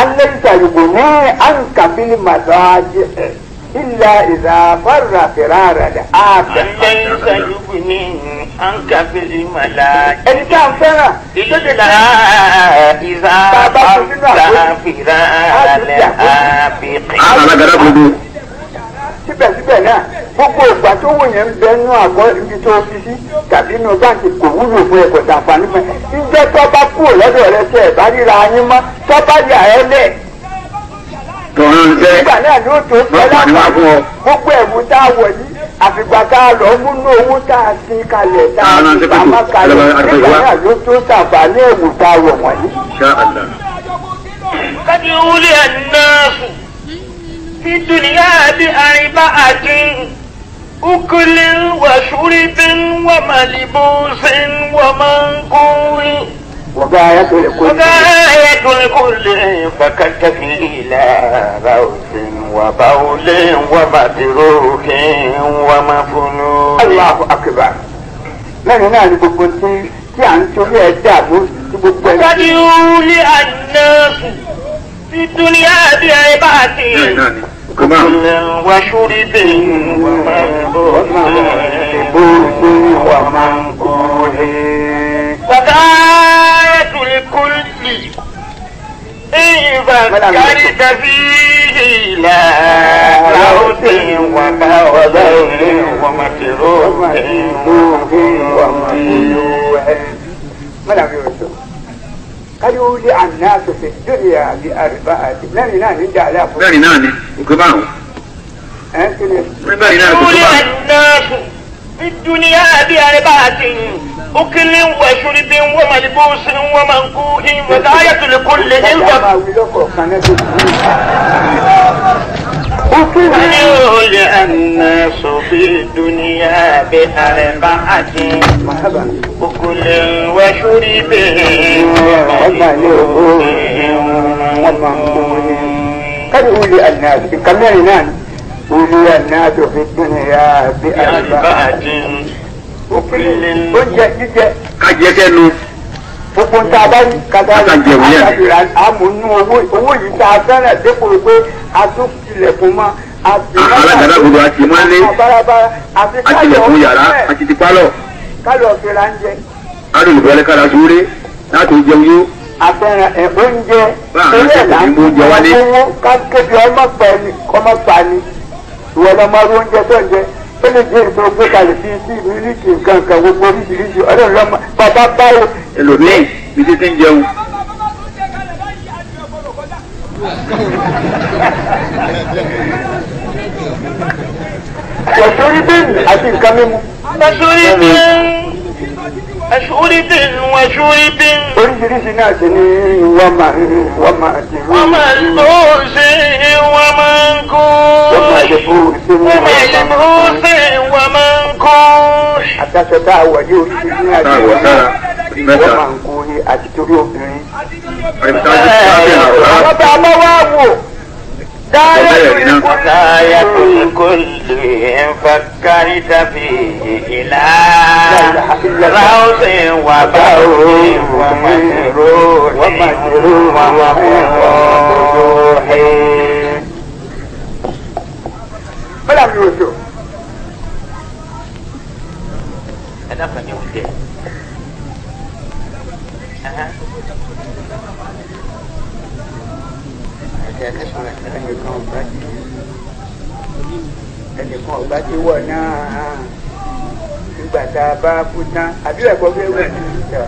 alẹ́ ìtàlùkù ní àǹkàbílì màdá jẹ́ ẹ̀. إلا إذا فر فرار العادة ليس يبني عنك في الملائكة إلا إذا فرت فرار العابق síbẹ̀síbẹ̀ náà gbogbo ìgbà tó wù yẹn ń bẹ nú àgọ́ ibi tó fi sí tàbí inú báńkì kò wúlò fún ẹ̀kọ́ tàǹfààní mọ́ ìjẹ́ tó bá kúrò lọ́dọ̀ rẹ tẹ́ ẹ̀ bá ríra yín mọ́ tó bá yà ẹ́ lẹ́ẹ̀ tọ̀run ṣe nígbà náà ló tó ẹlẹ́pàá gbogbo ẹ̀mú tá a wọ̀ yìí àfìgbà tá a lọ mú ní owó tá a sin kalẹ̀ tá a sin ah, pamọ́ kalẹ̀ nígbà náà ló tó sàbà ní ẹ̀mú tá a wọ̀ wọ̀nyí. kadi wuli annaasu fi duniya bi ariba atin ukulin wa shuribin wa malibusin wa mankurin. وغاية لكل وغاية لكل فكنت فيه لا روس وبول ومتروك ومفنون الله أكبر lẹ́yìn náà ni gbogbo tí tí à ń torí ẹ̀ dààmú tí gbogbo ẹ̀. wọ́n ti wúlé àdínáàsù tí dúníà bí ẹ bá ti. wà á ṣúrí bẹ́ẹ̀ wà máa ń bọ̀ ọ́ ṣe bó ṣe wà máa ń kọ́ ẹ. kàkà. كل إذا كرد فيه لا موت وقوضين ومكروه ومكيوح ملعب يوسف قد وزع الناس في الدنيا بأربعة ناني ناني انت على ناني ناني وكباو انت الناس في الدنيا بأربعة أكل وشرب وملبوس ومنقوح وغاية لكل الهم أكل الناس في الدنيا بأربعة أكل وشرب وملبوس ومنقوه قد أولي الناس كمان ولي الناس في الدنيا بأربعة oúnjẹ jíjẹ. ká jẹ sẹ́nu. gbogbo ń ta bá yí kàtà àtàjìrà àmúnú owó owó yìí tá a fẹ́rẹ̀ dépò pé a tún tilẹ̀kùn mọ́. alágbàdá gbogbo a ti máa ń lé a tilẹ̀kùn yàrá a ti ti pálọ̀. kálọ̀ fìlà ń jẹ. a lè lùbọ́ ẹlẹ́ka la sóore láti jẹun yó. àfẹ́ràn ẹ̀ oúnjẹ. báà ń ṣe ìdìbò oúnjẹ wálé. ká kébi ọmọ pẹ̀lú ọmọ pàní ìwọ lọ máa rí oúnjẹ tó ń jẹ ó lè jẹ ìgbà ògbé kalẹ̀ fi sí ìlú níkì nǹkan kan gbogbo oríṣiríṣi ọlọ́run lọ́mọ bàbá báwo. ẹlòmíì ní títí ń jẹun. Yàtúrí bẹ́ẹ̀ni àti nǹkan mímu. Yàtúrí bẹ́ẹ̀ni. أشرب وشرب oríṣiríṣi náà ṣe ní wàmà wàmà àti ìlú. wàmà lóòsè wàmà ń kó. wàmà lóòsè wàmà ń kó. wàmà lóòsè wàmà ń kó. àtàṣọ tá a wọ̀ ní oríṣiríṣi náà ṣe ní wàmà ń kó àti torí obìnrin. àwọn tá a bá wá wò. غاية الكل إن فكرت فيه إلى روض وبوء ومجروح ومجروح فلا الوجوه أنا فني وجه أها ẹnìkan ẹnìkan ọgbà tí ẹnìkan ọgbà tí wọ̀ náà nígbà tá a bá kú tán àbí ẹ̀kọ́ fẹ́ wẹ̀ ní ìta.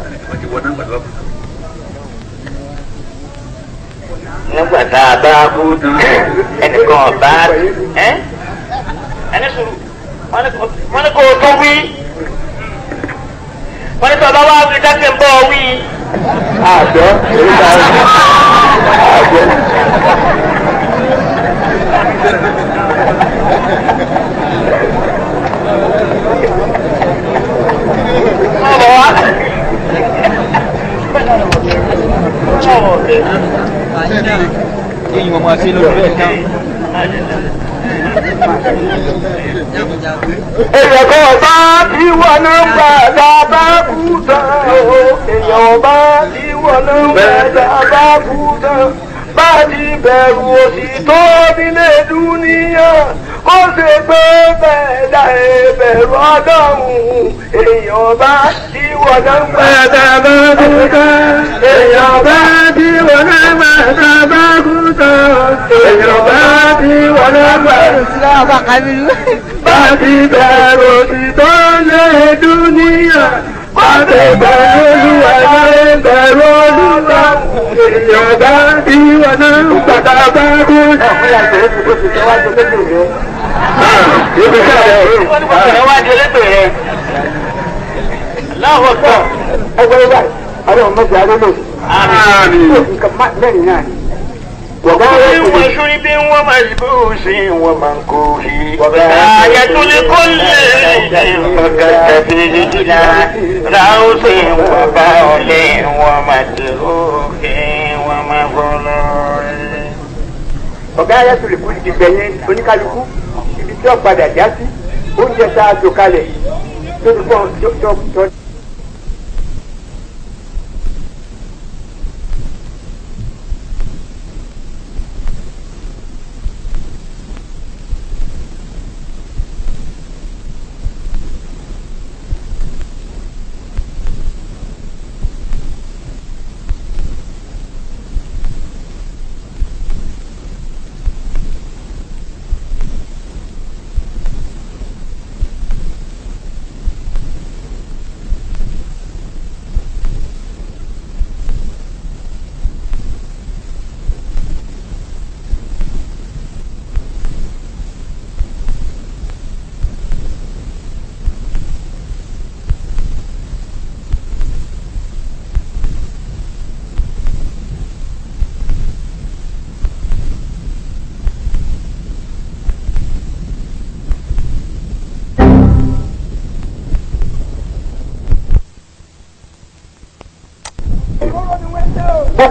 nígbà tá a bá kú tán ẹnìkan ọba ẹ ẹni sùúrù wọn ni kò tó wí wọ́n ní tọ́ba wá fi dákẹ́ ń bọ̀ wí. àjọ èyí ta àjọ. ọ̀rọ̀ wa. ọ̀rọ̀ wa. ẹ̀yin ọmọ àti ẹlòmíràn kan èèyàn kan ọba tí wọn ló ń gbà dábà kú tán o èèyàn ọba tí wọn ló ń gbà dábà kú tán bá ti bẹ̀rù òsì tó nílé dúníyàn kó ṣe pé bẹ́ẹ̀dá ẹ̀bẹ̀rù ọlọ́run èèyàn bá tí wọ́n náà ń gbà. bá kú tán èèyàn bá tí wọ́n náà ń bá kú tán èèyàn bá tí wọ́n náà ń gbà. bá ti bẹ̀rù òtítọ́ lé dúníyà ọ̀dẹ̀ bẹ̀rù olúwa láyé bẹ̀rù olúwa èèyàn bá bí wọn náà gbàgbà bá kú ọ̀rẹ́ wá di ẹlẹ́gbẹ̀ẹ́ rẹ láwọ̀ tán. ẹgbẹ́ báyìí ọlọ́run mẹ́jọ adé lòdì. àmì nǹkan mẹ́rin náà ni. Wọ̀gá rẹ̀ kò ní. Wọ́n bí wọ́n máa ṣubú sí wọn máa ń kó rí. Àyà tó lè kó lè wọn kàkà bí jìnnà. Ráhùn sí wọn bá ọ̀lẹ́ wọn máa ti òkè wọn máa bọ̀ lọ. Ọ̀gá rẹ̀ tó lè kó lè bẹ̀yẹn oníkálukú tí padà já sí oúnjẹ tá a jò kalẹ̀ tó tó tó.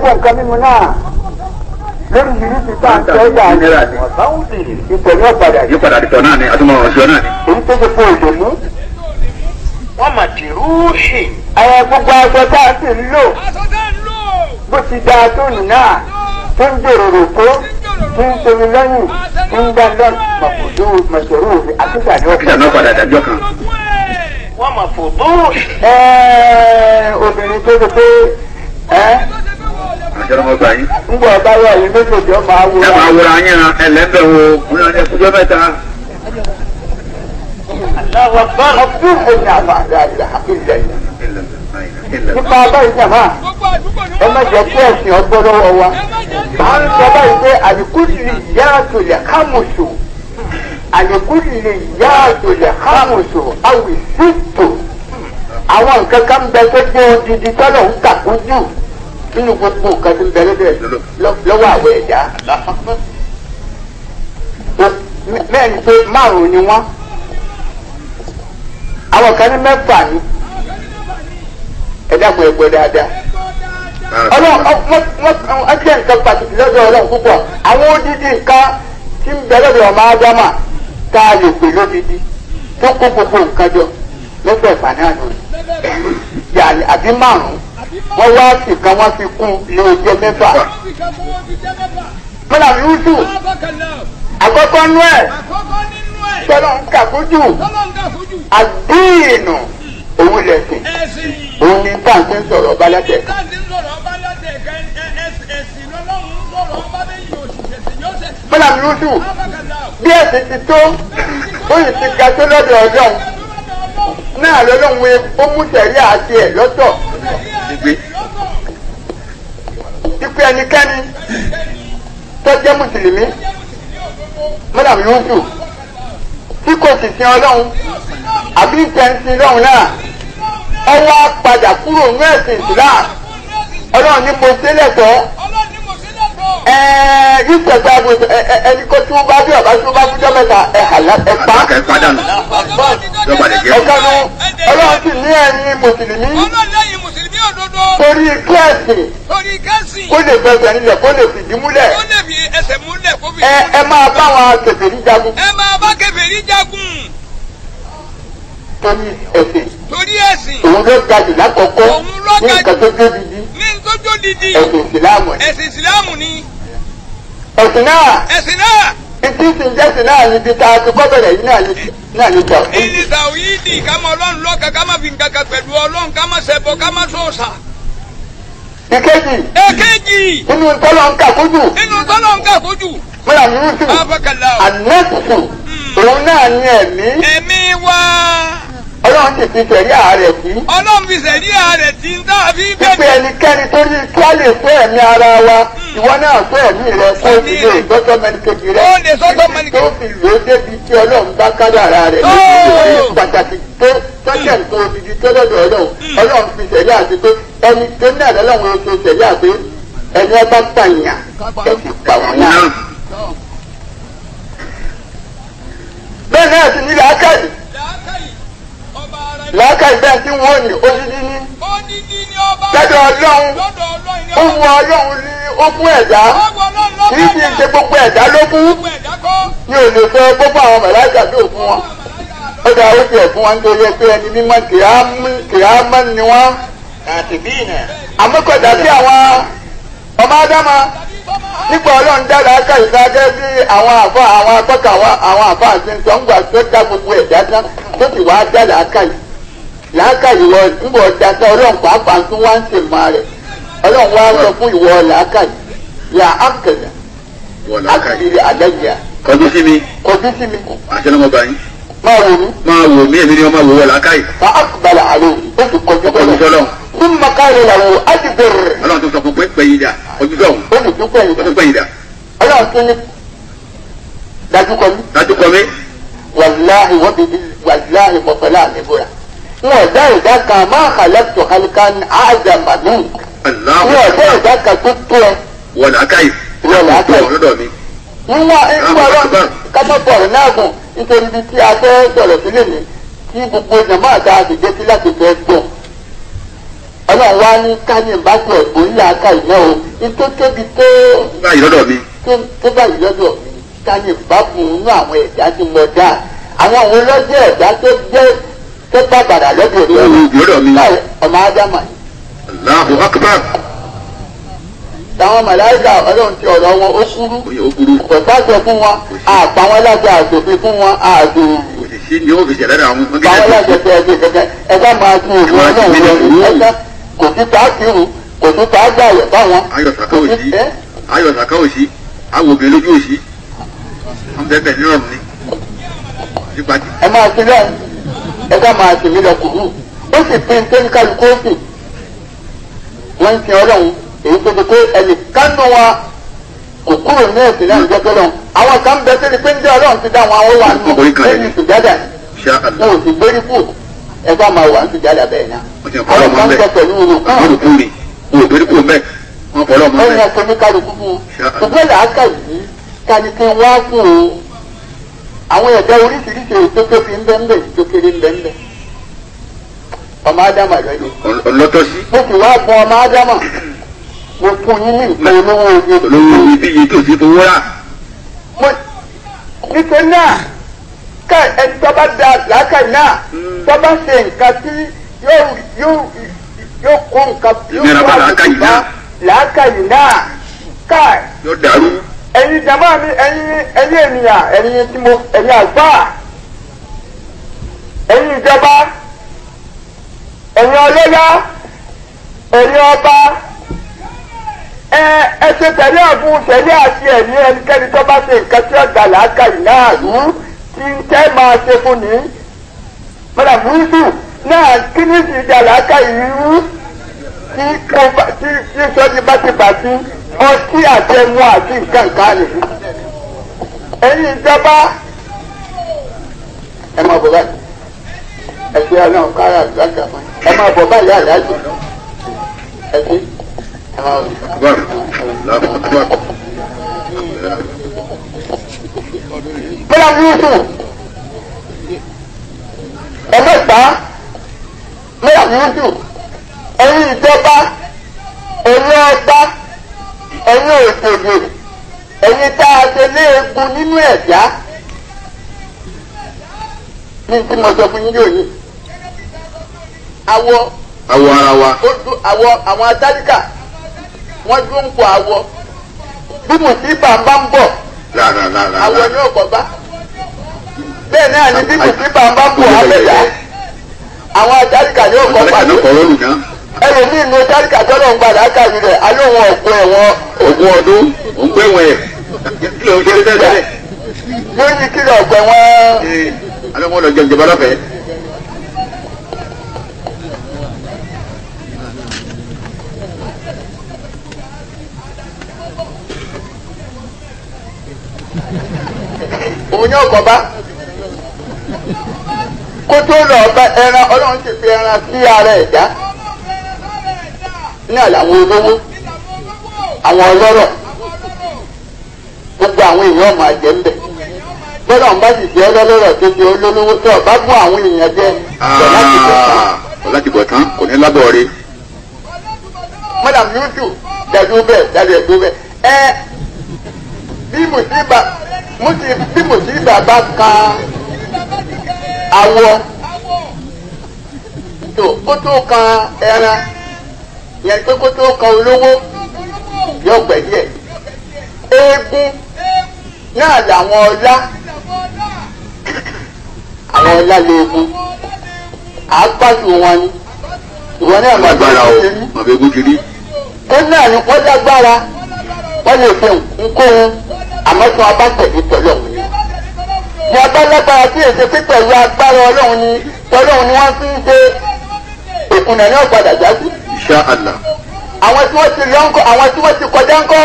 jẹ́ nǹkan mímu náà lórí ìrísí tá à ń tẹ́ yà ni ipò ní ọ̀padà yìí. ìpadà àdìtọ̀ náà ni àtúmọ̀ ọ̀ṣọ́ náà ni. èyí tó ṣe fún òṣèlú. wọ́n mà ti rúùṣì. ẹ gbogbo aṣọ tá a sì ń lò bó ti da tóònù náà tó ń dèrò rògbò tó ń tomi lẹ́yìn tó ń gbá lọ́nà màkòdó màṣẹ̀rù òfin àtúntà ní ọ̀padà. ìdáná padà dàjọ́ kan wọ́n mọ̀ fòdó. obìnrin tó ṣe pé ọlọ́mọ gbà yín. ń bọ̀ bá wà yín méjèèjì ọ máa wúra. ẹ máa wúra yín hàn ẹlẹ́bẹ̀ wo múlò ní ẹkújọ́ mẹ́ta. nípa báyìí jàmá ẹ má jẹ kí ẹsìn ọgbọ́n lọ́wọ́ wa à ń sọ báyìí pé àdìkú lè yára tó lè ká mọ̀ṣọ́ àdìkú lè yára tó lè ká mọ̀ṣọ́ àwìn sí tò àwọn nǹkan kan bẹ tó gbé odidi tọ́lọ̀ ń kàkú jù nínú gbogbo nǹkan tó ń bẹ̀rẹ̀ bẹ̀rẹ̀ lọ́wọ́ àwọ̀ ẹ̀dá mẹ́rin pé márùn ni wọ́n àwọn kan ní mẹ́fà ni ẹ̀dá kan ẹ̀gbọ́n dáadáa ọlọ́run ẹgbẹ́ nǹkan pàtàkì lọ́dọ̀ ọlọ́run púpọ̀ àwọn odidi nǹkan tí ń bẹ̀rẹ̀ lọ́dọ̀ ọmọ ádámà tá a lè pè lódidi tó kó gbogbo nǹkan jọ lọ́gbẹ̀ẹ́fà náà lónìí yàrá àbí márùn wọ́n wá sí kan wọ́n fi kún ní ojú mẹ́fà. kọ́lá mi wútù àkọ́kọ́ nú ẹ̀ tọ́lọ̀ ń kàkújù àdéhìnù òun lẹ̀sìn òun ni tá à ń fi ń sọ̀rọ̀ ọba lẹ́tẹ̀. kọ́lá mi wútù bí ẹ̀sìn ti tó ó sì ti ga tó lọ́dọ̀ ọjọ́ náà lọ́lọ́run ó mú sẹ̀rí àti ẹ̀ lọ́tọ̀ ipe ẹnikẹ́ni tó jẹ́ mùsùlùmí mọ́dàm yóòsù tí kò sì sin ọlọ́run àbí ìtẹ̀sìn lọ́run náà ọwọ́ padà kúrò ní ẹ̀sìn Islam ọlọ́run ní mo ṣe lẹ́tọ̀ọ́ ìtẹ̀gbà ẹni kó tí ó bá bí ọ̀bá tí ó bá fújọ́ mẹ́ta ẹ̀ hàlá ẹ̀ pa. àbákẹ́ padànù ọ̀gánu ọlọ́run sì ní ẹ̀yin mùsùlùmí òdodo. torí kẹ́ẹ̀sì. torí kẹ́ẹ̀sì. kó lè fẹsẹ̀ nílẹ̀ kó lè fìdí múlẹ̀. kó lè fi ẹsẹ̀ múlẹ̀ kó fi. ẹ ẹ máa bá wa kèfèrí jagun. ẹ máa bá kèfèrí jagun. torí ẹ̀sìn. torí ẹ̀sìn. òun ló ga jù lákọ̀ọ́kọ́. òun ló ga jù ní nǹkan tó jó didi. ẹ̀sìn ìsìlámù ni. ẹ̀sìn ìsìlámù ẹ̀sìn náà ìdí sì ń jẹ́sìn náà ni ti ta ti gbọ́bẹ̀rẹ̀ yìí náà ni náà ni jà. ìdí tàwọn yìí di ká mọ ọlọ́run lọ́kàn ká má fi nǹkan kan pẹ̀lú ọlọ́run ká má ṣẹbọ ká má sọ̀ọ̀sà. ìkejì. èkejì. inú tọ́lọ̀ ń kàkójú. inú tọ́lọ̀ ń kàkójú. mọ́ra mi ń sùn. ànẹ́sùn. Hmm. òun náà ni ẹ̀mí. ẹ̀mí wá ọlọ́run sì fi sẹ̀rí ààrẹ sí. ọlọ́run fi sẹ̀rí ààrẹ sí tá a fi bẹ̀rẹ̀. pípẹ́ ẹnikẹ́ni tó ní kí a lè fẹ́ ẹ̀mí ara wa hmm. ìwọ náà fẹ́ ẹ̀mí rẹ kó o sì lè sọ́tọ́ mẹ́nikẹ́ni rẹ níbi tó fi lòó débi tí ọlọ́run bá kádàrá rẹ níbi pàtàkì tó sọ́tẹ̀ hmm. tó fi di tó lọ́dọ̀ ọlọ́run hmm. ọlọ́run fi sẹ̀rí àti pé ẹni tó ní àdálọ́run ló ṣe sẹ̀rí àti ẹni ọba pààyàn ẹ̀ fi pàwọn náà. bẹ́ẹ̀ náà sì ní làákà ìbẹ́ tí wọ́n ní odidi ní. lọ́dọ̀ ọlọ́run ó wọ ọlọ́run ní ogún ẹ̀dá kìí fi ṣe gbogbo ẹ̀dá lógún ní òní fẹ́ gbogbo àwọn màláíkà bí ògún wọn. ó dá ó fi ẹ̀fún wọn nítorí pé ẹni mímọ́ kìámọ́ ni wọ́n. àmúkọ̀dá sí àwọn ọmọ ádámà nípa ọlọ́run dára ká ìdájẹ́ bí àwọn àfa àwọn akọ́kọ̀ àwọn àfa àti nǹkan gbà tó dá gbogbo ẹ̀dá tán tó sì wá dára ká yìí làákàyè wọ ńgbọ dada ọlọ́run pàápàá tún wá ń sè má rẹ̀ ọlọ́run wá sọ fún ìwọ làákàyè là ákàdà ákàdìrì àdájà. kọjú sí mi. kọjú sí mi. àṣẹ ló mọ bá yín. máa wò mí. máa wò mí èmi ni wọn máa wò wọ làákàyè. fa akubala àlè o ti kọjú tọlọ. kọjú tọlọ. fún makáyọ̀ làwọn adìgbẹ̀rẹ̀. ọlọ́run tó sọ fún pé pẹ̀yìn dà kọjú tọ̀ o ti tún pẹ̀yìn dà. o ti pẹ̀yìn dà. ọlọ́run tún ní dájú kọ mí. dájú kọ mí. wàláhì wọ́n ti wàláhì mọ̀fẹ́lá mi bọ̀ra wọn dá ìdá kan máa kàlẹ́tù alikan àzàmà náà wọn dá ìdá kan tó tó ẹ. wọlé akáyì wọlé akáyì níwọ̀n ìgbọ̀rọ̀ kápẹ́pọ̀rọ̀ náà gùn nítorí bí tí a fẹ́ sọ̀rọ̀ sílẹ̀ mi tí gbogbo ìjàmbá àti àgbègbè sí láti fẹ́ gbọ̀ ọlọ́run wá ní kánìm bá tẹ̀ orílẹ̀ aka ìyá o ètò tóbi tó. báyìí lọ́dọ̀ mi. tó báyìí lọ́dọ̀ mi kánìm bá tó bá gbàdà lọ́dún òní òní lọ́dọ̀ mi láì ọmọ ádámà. Allahu akbar. Táwọn màláìsà ọlọ́run ti ọ̀rọ̀ wọn ó kúrú. Ó kúrú. Kò bá jọ fún wọn, àpá wọn lájọ àgbòfin fún wọn àgbò. Òṣìṣẹ́ ni ó fi ṣẹ̀dá dà wọn. Báwọn lájọ tẹ ẹgbẹ́ kẹ̀kẹ́ ẹ bá máa tún òfin ọlọ́run lọ ní ẹgbẹ́ kò sí tá a kírun kò sí tá a gbà yẹ̀ báwọn. Ayọ̀ sàkà òsì. Ayọ̀ sàkà òsì. Àwọn obìnrin lójú òsì. Wọ́n bẹ̀ẹ̀ bẹ̀ nírọ̀ mi. Ẹ máa ti bẹ́ẹ̀. ẹ̀ka máa tẹ̀lé lọ kùrú ó sì pé ń kálukú ó sì wọ́n ń sin èyí tó ti pé ẹnì kánú wa kò kúrò ní náà àwọn kan bẹ sí ni pé ti dá wọn àwọn wà nù lẹ́yìn ìsìjádà wọn ò sì gbérí kù ẹ̀ka máa wà ń kan bẹ pẹ̀lú òrùn kan ọ̀rọ̀ mọ́ bẹ́ẹ̀. ọ̀rọ̀ kẹ́míkàlù ní àwọn ẹ̀dá oríṣiríṣi èyí tó tóbi ń bẹ ń bẹ èyí tó kéré ń bẹ ń bẹ ọmọ ádámà lọ́yẹ. ọlọ́tọ́ sí. mo sì wá gun ọmọ ádámà mo fún yín ní nǹkan olówó oye. olówó oye bí iye tó ti fowó rà. mo nítorí náà ká ẹni tó bá da làákà náà hmm. tó bá ṣe nǹkan tí yóò yóò yóò kó nǹkan. ìnira bá làákà yìí náà. làákà yìí náà ká. yóò dàrú ẹ̀yin jama mi ẹ̀yin ẹ̀yin ènìyàn ẹ̀yin tí mo ẹ̀yin àgbà ẹ̀yin ìjọba ẹ̀yin ọlọ́yà ẹ̀yin ọba ẹ ẹ ṣe tẹ̀lé ọ̀gbun tẹ̀lé àti ẹ̀mí ẹnikẹ́ni tó bá ṣe nǹkan tí ọ̀gbà làákà yìí náà rú kí n tẹ́ máa ṣe fún ní. mọ̀nà búrúdù náà kí ní ìjà làákà yìí rú kí kí sọ́ni bá ti bàtí ọtí àti ẹmu àti nǹkan kan nìyí ẹ̀yin ìjọba ẹ máa bọ̀ báyìí ẹgbẹ́ ọlọ́run kára àgbàgbà mọ́ ẹ máa bọ̀ báyìí àlájì ẹgbẹ́ bọ́lá yúùtù ẹ̀mẹ́ta bọ́lá yúùtù ẹ̀yin ìjọba. ẹ̀yin òṣèlè ẹ̀yin tá a ṣe léegun nínú ẹ̀dá ní tí mo sọ fún yín awọ awọ ara wa awọ àwọn atálíkà wọ́n dún ń awọ bí mo sì bá ń bá ń bọ̀ awọ ní ọ̀pọ̀ bá bẹ́ẹ̀ náà ni bí mo sì bá ń bá ń bọ̀ abẹ́yà e ní tálíkà tọ́lọ̀ ń gbàdá kàwé rẹ̀ alóhùn ọ̀gbọ́n ẹ̀wọ̀n. ogún ọdún ń gbé wọn ẹ̀ náà làwọn olówó àwọn ọlọ́rọ̀ gbogbo àwọn èèyàn máa jẹ ńbẹ bọ́lá ń sì jẹ́ ọlọ́rọ̀ tó di olólówó tó ọba gún àwọn èèyàn jẹ jẹ ah, kò ní lábọ̀ rí. madam yusuf dàdú bẹ́ẹ̀ dàdú ẹ̀dú bẹ́ẹ̀ ẹ bí mùsíbà mùsíbà bá kan awọ tó ó tó kan ẹran yẹn pé kó tó kan olówó yọ gbẹ díẹ̀ náà làwọn ọlá àwọn ọlá léegun àgbàdo wọn ni ìwọ náà máa gbára o máa fẹ́ gbókiri. ó náà ni wọ́n lágbára wọ́n lè fi nkóhun àmọ́ tí wọ́n bá tẹ̀lé tọ́lọ̀ ni. ní abálágbára tí èsì pípẹ̀lú agbára ọlọ́run ni tọ́lọ́run ni wọ́n fi ń ṣe ìkùnà náà padà jáde insha allah. àwọn tí wọ́n ti rí ọkọ àwọn tí wọ́n ti kọjá ńkọ́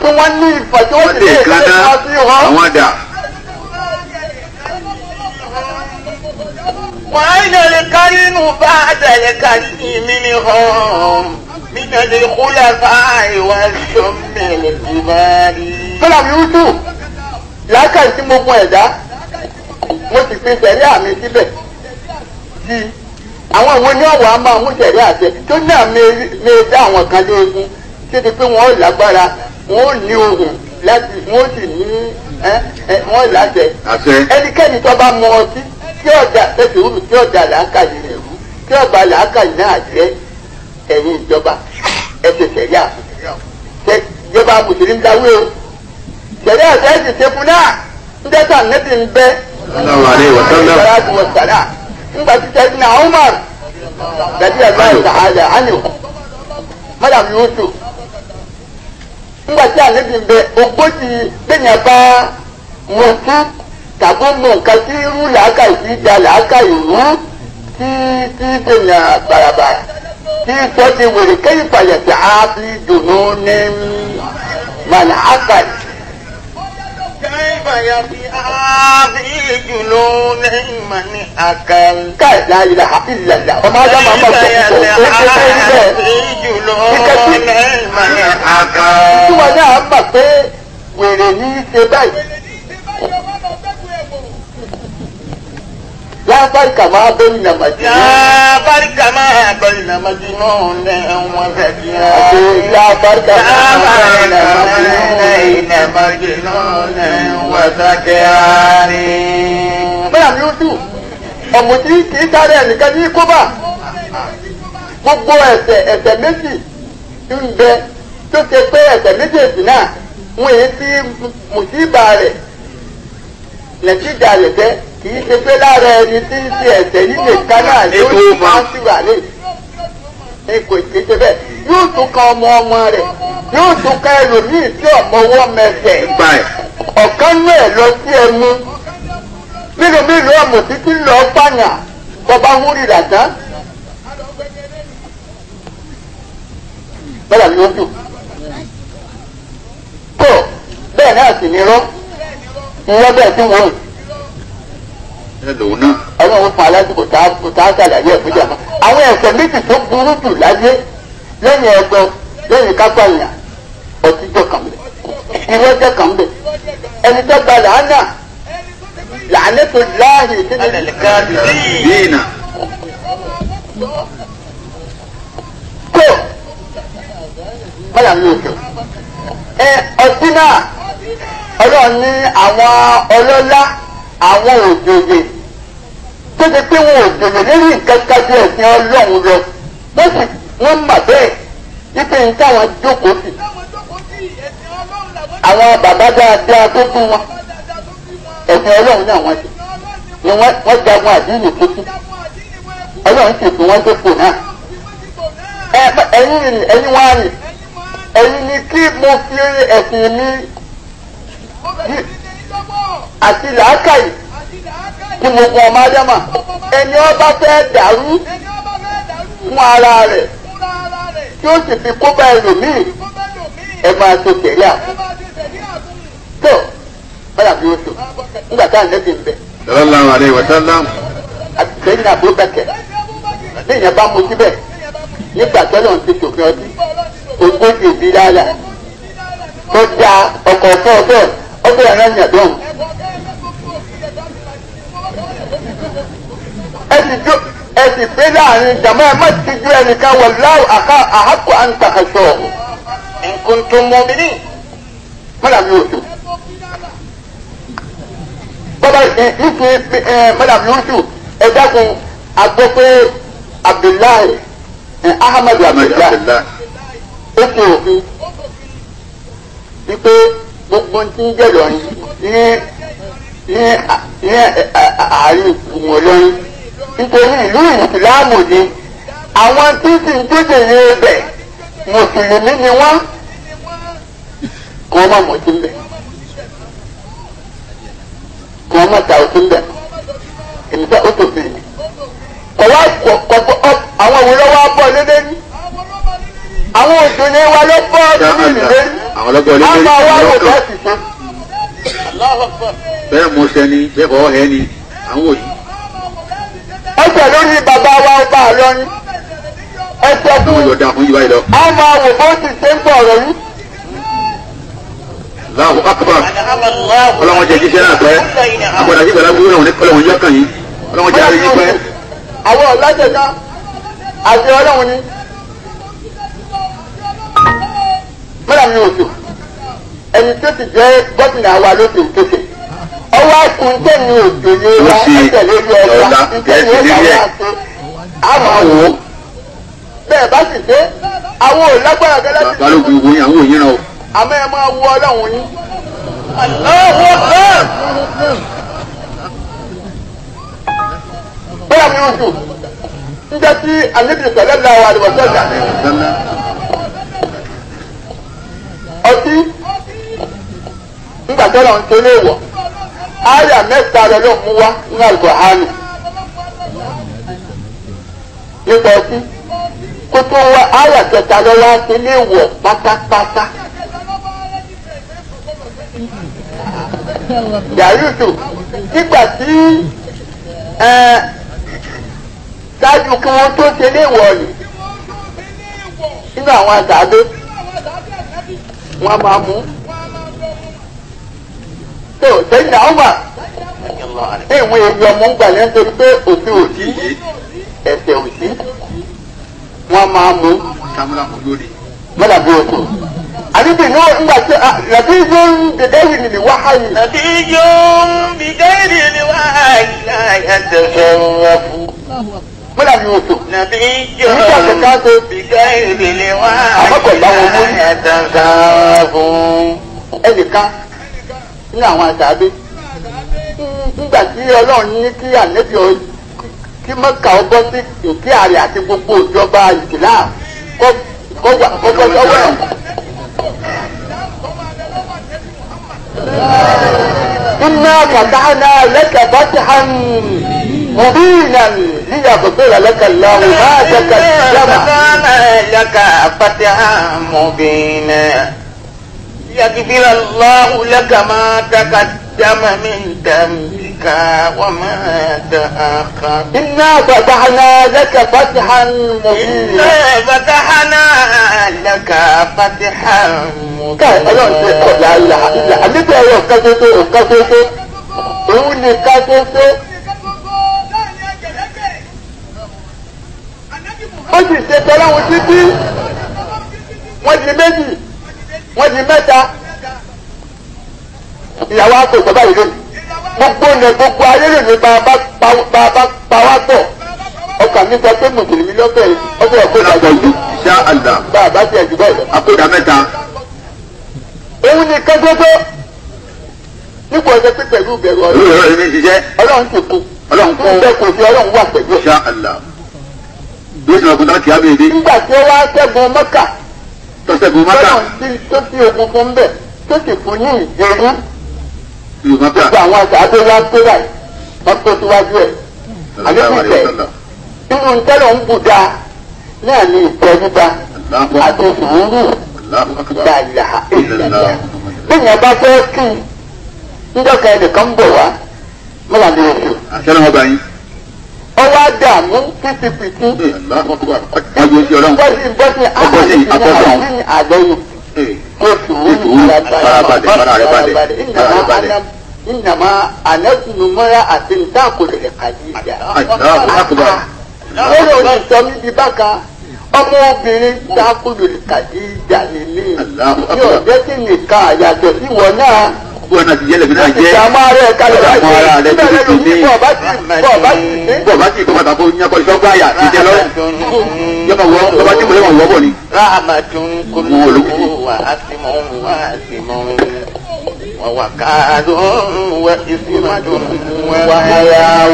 tí wọ́n ní ìfà tí wọ́n ti lè kálẹ̀ fàfihàn. àwọn dà. وأين القرن بعد الكريم منهم من الخلفاء والشم الكبار. Fẹ́lá mi ń dùn lákàtí mo mọ ẹ̀dá mo sì fi sẹ̀rí àmì síbẹ̀ bíi àwọn àwọn oníwàwọ̀ á máa mú tẹ̀lé àṣẹ tó náà mèé dá àwọn kan léegun títí pé wọ́n lágbára wọ́n ní ohun láti wọ́n sì ní wọ́n láṣẹ. ẹnikẹ́ni tó bá mọ ọtí tí ọ̀dà tẹ̀sí wúmi tí ọ̀dà làákàyè rẹ̀ wú tí ọ̀bà làákàyè náà jẹ́ ẹ̀yin ìjọba ẹ̀sẹ̀ tẹ̀lé àfẹ́ ìjọba mùsùlùmí dáwé o tẹ̀lé àfẹ́ ẹ̀sìn ṣe fún náà ń dẹ́ta nẹ́tì ń bẹ́. ọlọ́run àlẹ́ ìwọ̀sán náà ńgbà tí sẹ́dínà Umar gàdí àgbáyé sàhálà ánìwò madam Yusuf ńgbà tí àlejò bẹ ogójì bẹ́ẹ̀ni ẹ̀bá mọ̀ọ́ká tàbí mọ̀ọ́ká tí irú làákà yìí da làákà yìí mọ́ tí tí bẹ́ẹ̀ni àbàràbàrà tí sọ́ọ́ ti wèrè kéyìí fàyẹ̀tì á fi dùnú ní mànà ákàlì. كيف يفيها في جنون من أكل كيف لا إله إلا الله وما جمع مصر في جنون من أكل tí wọn náà mọ̀ pé wèrè ní í ṣe báyìí ya barika ma bari na madina ya barika ma bari na madina ne wa gadiya ya barika ma bari na madina madina ne wa gadiya ni bẹ́ẹ̀ mi ó dùn ọ̀mù tí kì í sáré ẹnìkan ní kóbá gbogbo ẹsẹ̀ ẹsẹ̀ méjì ń bẹ tó ṣe pé ẹsẹ̀ méjèèjì náà wọ́n èyí sí mùsíbà rẹ̀ lẹ́tí ìjà rẹ̀ jẹ́ kì í ṣe pé lára ẹni tí ń ṣe ẹ̀ṣẹ̀ nílé kánà ló ti máa ń tiwà lé ní kò ṣe ṣe bẹ́ẹ̀ yóò tún kan ọmọ ọmọ rẹ̀ yóò tún kan ẹlòmíì tí ọmọ ọwọ́ mẹsẹ̀ ọ̀kan náà ẹ̀ lọ sí ẹmu mélòó mélòó ọmọ títí lọ pààyàn bọba ń rírà tán bọ́dà ni ó dùn tó bẹ́ẹ̀ náà sì ní rọ́ ìwọ́n bẹ́ẹ̀ tí wọ́n rìn ọlọ́run fún alásìkò tá a ṣàlàyé ẹ̀ fújà mọ́ àwọn ẹ̀ṣẹ̀ méjì tó burú jù láyé lẹ́yìn ẹgbẹ́ lẹ́yìn kápẹ́yà ọtí jọ kàn bẹ̀ ìwé jọ kàn bẹ̀ ẹni tó gba làánà làánà tó láàyè sílẹ̀ lẹ́yìn kó báyà ní òkè ẹ ọtí náà ọlọ́run ní àwọn ọlọ́lá àwọn òjòjè tó ṣe pé wọn ò dènà lórí nǹkan kájú ẹ̀sìn ọlọ́run lọ wọ́n sì wọ́n mà bẹ́ẹ̀ wípé n táwọn jókòó sí. àwọn bàbá dáadáa tó bí wọn ẹ̀sìn ọlọ́run náà wọ́n ṣe ni wọ́n jagun àdínì kúkú ọlọ́run sì fún wọn dépò náà. ẹ̀yin ẹ̀yin wá rìn ẹ̀yin ni kí mo fi ẹ̀sìn mi àti làákàyè ni mo kún ọmọ ádámà ẹni ọba fẹ́ dàrú fún ara rẹ̀ tí ó sì fi kó bá ẹlòmíì ẹ máa tó tẹ̀lé àkùn tó báyà bí ó tó nígbà tá à ń lẹ́sẹ̀ ń bẹ̀. sallallahu alaihi wa sallam. àtìsẹ́yìn àbúbẹ̀kẹ̀ ní ìyẹn bá mu síbẹ̀ nígbà tọ́lọ̀ ń ti sòfin ọtí ogójì ìdí dáadáa tó da ọkọ̀ ọ̀fọ́ ọ̀fẹ́ ọ̀fẹ́ ẹ̀rọ ìyàdọ́n ẹsì jó ẹsì pé láàrin jama ẹ má ti ju ẹnìkan wọ láwù àká àhákò à ń tàkà sọ nǹkan tó mọ mi ní mọ́dàbí oṣù bọ́bá ìfì mọ́dàbí oṣù ẹ dákun àgbọ̀ pé Abdullahi Ahmadu Abdullahi ó fi òfin wípé gbogbo ń ti ń jẹ́ lọ́rin ní ní àárín ìgbìmọ̀ nítorí ìlú ìsìláàmù ni àwọn tí sì ń tètè ní ibẹ̀ mùsùlùmí ni wọ́n kọ́ ọ́ má mọ̀ sí ibẹ̀ kọ́ ọ́ má ta òsì ibẹ̀ èmi sẹ́ ó tó fi kọ̀wá kọ̀kọ̀ àwọn òwúrọ̀ wa bọ̀ lédè ní àwọn òjò ní wa ló bọ́ lórí ìlú ní àwọn àwa ló bá sì sàn. bẹ́ẹ̀ mo ṣe ni bẹ́ẹ̀ kọ́ ọ́ ni àwọn òjò ẹsẹ̀ lórí bàbá wa ọba àlọ́rin ẹsẹ̀ fún a máa wò bó ti ṣe ń bọ̀ ọ̀rọ̀ yìí. Allahu akbar ọlọ́wọ́n jẹ jíṣẹ́ náà pẹ́ àgbàdo àti ìgbàlá gbúgbúrò wọn ní kọ́lọ́wọ́n yọ kàn yín ọlọ́wọ́n jẹ àrẹ yín pẹ́. àwọn ọ̀làjẹ̀dá àti ọlọ́wọ́n ni mẹ́ta mi ò tù ẹni tó ti jẹ́ gómìnà wa ló ti ń tètè ọwọ́ ẹkùn tẹ̀mí òjòyè wa ẹ̀tẹ̀lé bí ọjà ìtẹ̀lé ọjà wà sí àmọ́ wò ó bẹ́ẹ̀ bá sì dé àwọn ò lágbára gẹ́lẹ́ sí. balógun gbogbo yín àwọn òyìnbó. àmọ́ ẹ máa wọ ọlọ́run yín. aláwọ̀ náà. bóyá mi ò jù ń jẹ́ sí àlejò pẹ̀lẹ́ la wà lọ́wọ́ sọ́jà. ọtí ńgbàdọ́rọ̀ ń torí èèwọ̀ àyà mẹ́ta rẹ̀ ló mú wá ní àlùkòhánù nípa ẹkú kó tó wá àyà kẹta ló wá sí ilé ìwọ̀ pátápátá. yàrúùtù nígbà tí ṣáájú kí wọ́n tó ṣe ilé ìwọ̀ yìí nínú àwọn àgbàdo wọ́n máa mú tó sẹ́yìn àwọn ẹ̀wọ̀n èyí ọmọ gbà lẹ́nu torí pé òfin òsì yìí ẹ̀sẹ̀ òsì wọ́n máa mú mọ́làbí oṣù. Àdìbì náà ńgbà tí Nàbí yóò ń bìdẹ́rì nìlí wáhàyè. Nàbí yóò ń bìdẹ́rì nìlí wáhàyè láyà tẹ̀sẹ̀ wọn fún. Mọ́làbí oṣù. Nàbí yóò ń bìdẹ́rì nìlí wáhàyè láyà tẹ̀sẹ̀ wọn fún. Ẹnìkan ní àwọn àtàbí nígbà tí ọlọ́run ní kí ànẹ́bí ọ kí mọ́kà ọ sí òkè àrẹ àti gbogbo ìjọba ìsìláàmù kó wà kó bọ́ sọ́wọ́ ẹ̀. Inna fatahna laka fatahan مبينا ليغفر لك الله ما تقدم. Inna fatahna laka fatahan مبينا يغفر الله لك ما تقدم من ذنبك وما تأخر إنا فتحنا لك فتحا مبينا فتحنا لك فتحا مبينا ó sì ṣe tọ́lá wọn títí wọ́n ti méjì wọ́n di mẹ́ta ìyàwó àpò ìjọba yìí lónìí gbogbo ọ̀nà gbogbo ayé lè ní bàbá pàwá pọ̀ ọkà mi sọ pé mùsùlùmí lọ́fẹ̀ ọ̀fẹ́ ọ̀kọ́ ìdàgbà yìí ṣá àlà bàbá tiẹ̀ jù bẹ́ẹ̀ lọ. àkójá mẹ́ta. òun ni kẹ́gbẹ́gbẹ́ nípa ọ̀sẹ̀ pé pẹ̀lú ìbẹ̀rù ọ̀rọ̀ ọ̀rọ̀ mi ṣiṣẹ́ ọlọ́run ti kú ọlọ́run kú bẹ́ẹ̀ kò sí ọlọ́run wà pẹ̀lú. ṣá àlà bí ó ti rọ̀ kó dá kíá mi dé. nígbà tí ó wá kẹ́gun mọ́kà tọ́sẹ̀gun mọ́tà. tọ́lọ̀ ń tó fi ogun fún bẹ́ẹ̀ tó sì fún ní ìdérí. gbogbo àwọn àṣàbẹ̀ wá tó báyìí wọ́n tó síwájú ẹ̀. àlékún ìfẹ́ nínú tọ́lọ̀ ń bù dáa náà ní ìtẹ́ríba àti sùúrù ìdàlà ìdàlà. bí yẹn bá fẹ́ kí ń dọ́kẹ́ ẹnìkan bọ̀ wá mọ́lá oṣù. àṣẹ náà wọ́n bá yín ọwọ́ àdààmú títí fìtú. ayé ojú ọlọ́run ìbọ́sìn àbọ̀sìn àbọ̀yìn. ètò farabalẹ̀ farabalẹ̀ farabalẹ̀. ìnàmà ànẹ́kùnú mọ́ra àti ntáàkùnrin ẹ̀ka yìí dà. lọ́rọ̀ ní sọ mí bí bákan ọmọ obìnrin ntáàkùnrin ẹ̀ka yìí dà nílé. ní ọ̀dẹ́sìn nìkan àyàtọ̀ sí wọn náà gbogbo ọ̀nà ti jẹ́lẹ̀ mi náà jẹ́ ìdààmú ara ẹ̀ kalẹ̀ láti ìdààmú ara rẹ̀ tó ti ní bọ̀ bá ti kọ́ bàtà fún yẹn kọ́ ìṣọ́gbà àyà ìjẹ́ lọ yọmọ wọ bàbá tí mo yọmọ wọ bọ̀ ni. mo ò lókùn. wàkàdùn wẹ ìsìnmájò wàhálà ó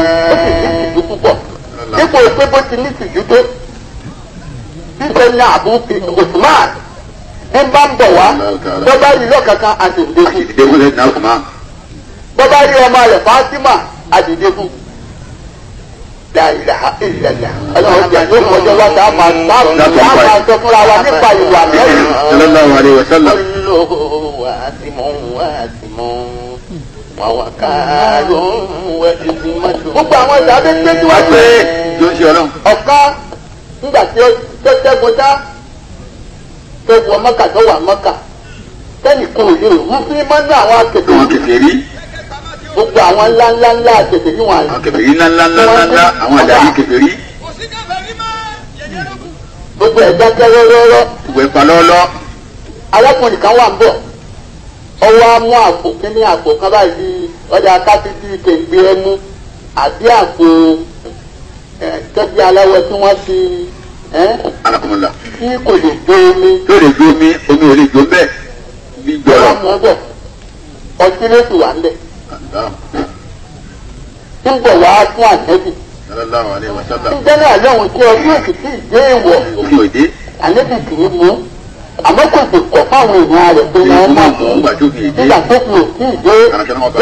púpọ̀ dípò pé bó ti ní tìjú tó ń sẹ́ni àbúkù Usman bí bá ń bọ̀ wá bọ́bá rí lọ́kàkà àtìdé bọ́bá rí ọmọ rẹ̀ Fátímà àtìdé dáìlà ìlẹ̀lẹ̀ ọlọ́run jẹ́ ló wá tá a máa tá a máa sọ fúnra wa nípa ìwà mẹ́rin. sallallahu alaihi wasallam. olówó wa ti mọ̀ wá ti mọ̀ wàwà káàlù wẹ̀ ìdìmọ̀tò. gbogbo àwọn ìdàgbé gbé níwájú. ọ̀kan nígbà tí ó tẹ́gun fẹ́ wọ mọ́kà tó wà mọ́kà kẹ́nìkan ò lè rú sí mọ́nú àwọn akẹ̀kẹ̀ àwọn akẹ̀kẹ̀ rí gbogbo àwọn ńláńláńlá akẹ̀kẹ̀ rí wọn àná. akẹ̀kẹ̀ rí ńláńláńlá àwọn àdàrí kẹ̀kẹ̀ rí. gbogbo ẹ̀dá kẹ́ rọ́rọ́rọ́. ìwẹ̀ pa lọ́lọ́. arákùnrin kan wà ń bọ̀ ọwọ́ á mú àpò kíní àpò kan báyìí ọjà káfíńtì kẹ̀gbẹ́ ẹmu àbí àpò kẹ́gbẹ́ aláwọ̀ tí wọ́n ti alakumula. kí kò lè gbé omi. yóò lè gbé omi omi ò lè gbó mbẹ. bí gbọrọ. wọ́n mọ̀ bẹ̀ ọtí ló sì wà ń bẹ̀. ń bọ̀ wá fún àtẹ́bí. ǹjẹ́ náà lóhun tí ọdún òsì tí ì dé ìwọ̀. omi ò dé. àlébì kì í mú. àmọ́ kò sì kọ̀ fáwọn èèyàn rẹ̀ pé wọ́n má mú. nígbà nígbà tó fi òsì ìdé.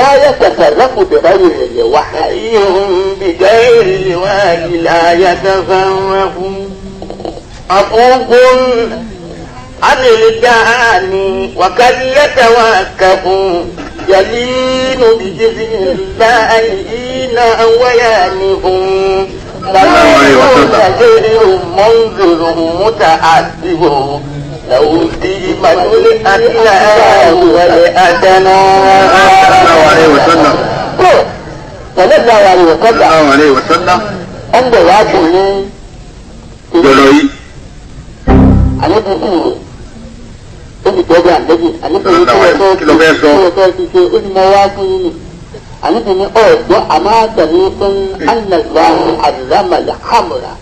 láyé kẹta lọ́kùn bẹ̀rẹ̀ yẹ̀yẹ̀ wá. ayé òun bìjẹ́ èrè wá ìlà ayatollah fún. أطوف عن الدان وقد يتواكب يلين بجذع البائن ويانه غير منذر متعذب لو ديما لأنه ولأدنى الله عليه وسلم صلى الله عليه وسلم صلى الله عليه وسلم أنت واجب àlejò sì rò ó sì tọ́jú àlejò àlejò yìí kí ló fẹ́ sọ kí ló fẹ́ ṣiṣẹ́ ó sì mọ wá fún yín ni àlejò ni ọ̀ gbọ́ àmọ́ àtàlẹ́ fún ànàgbà àdìlámàlà hàmùrà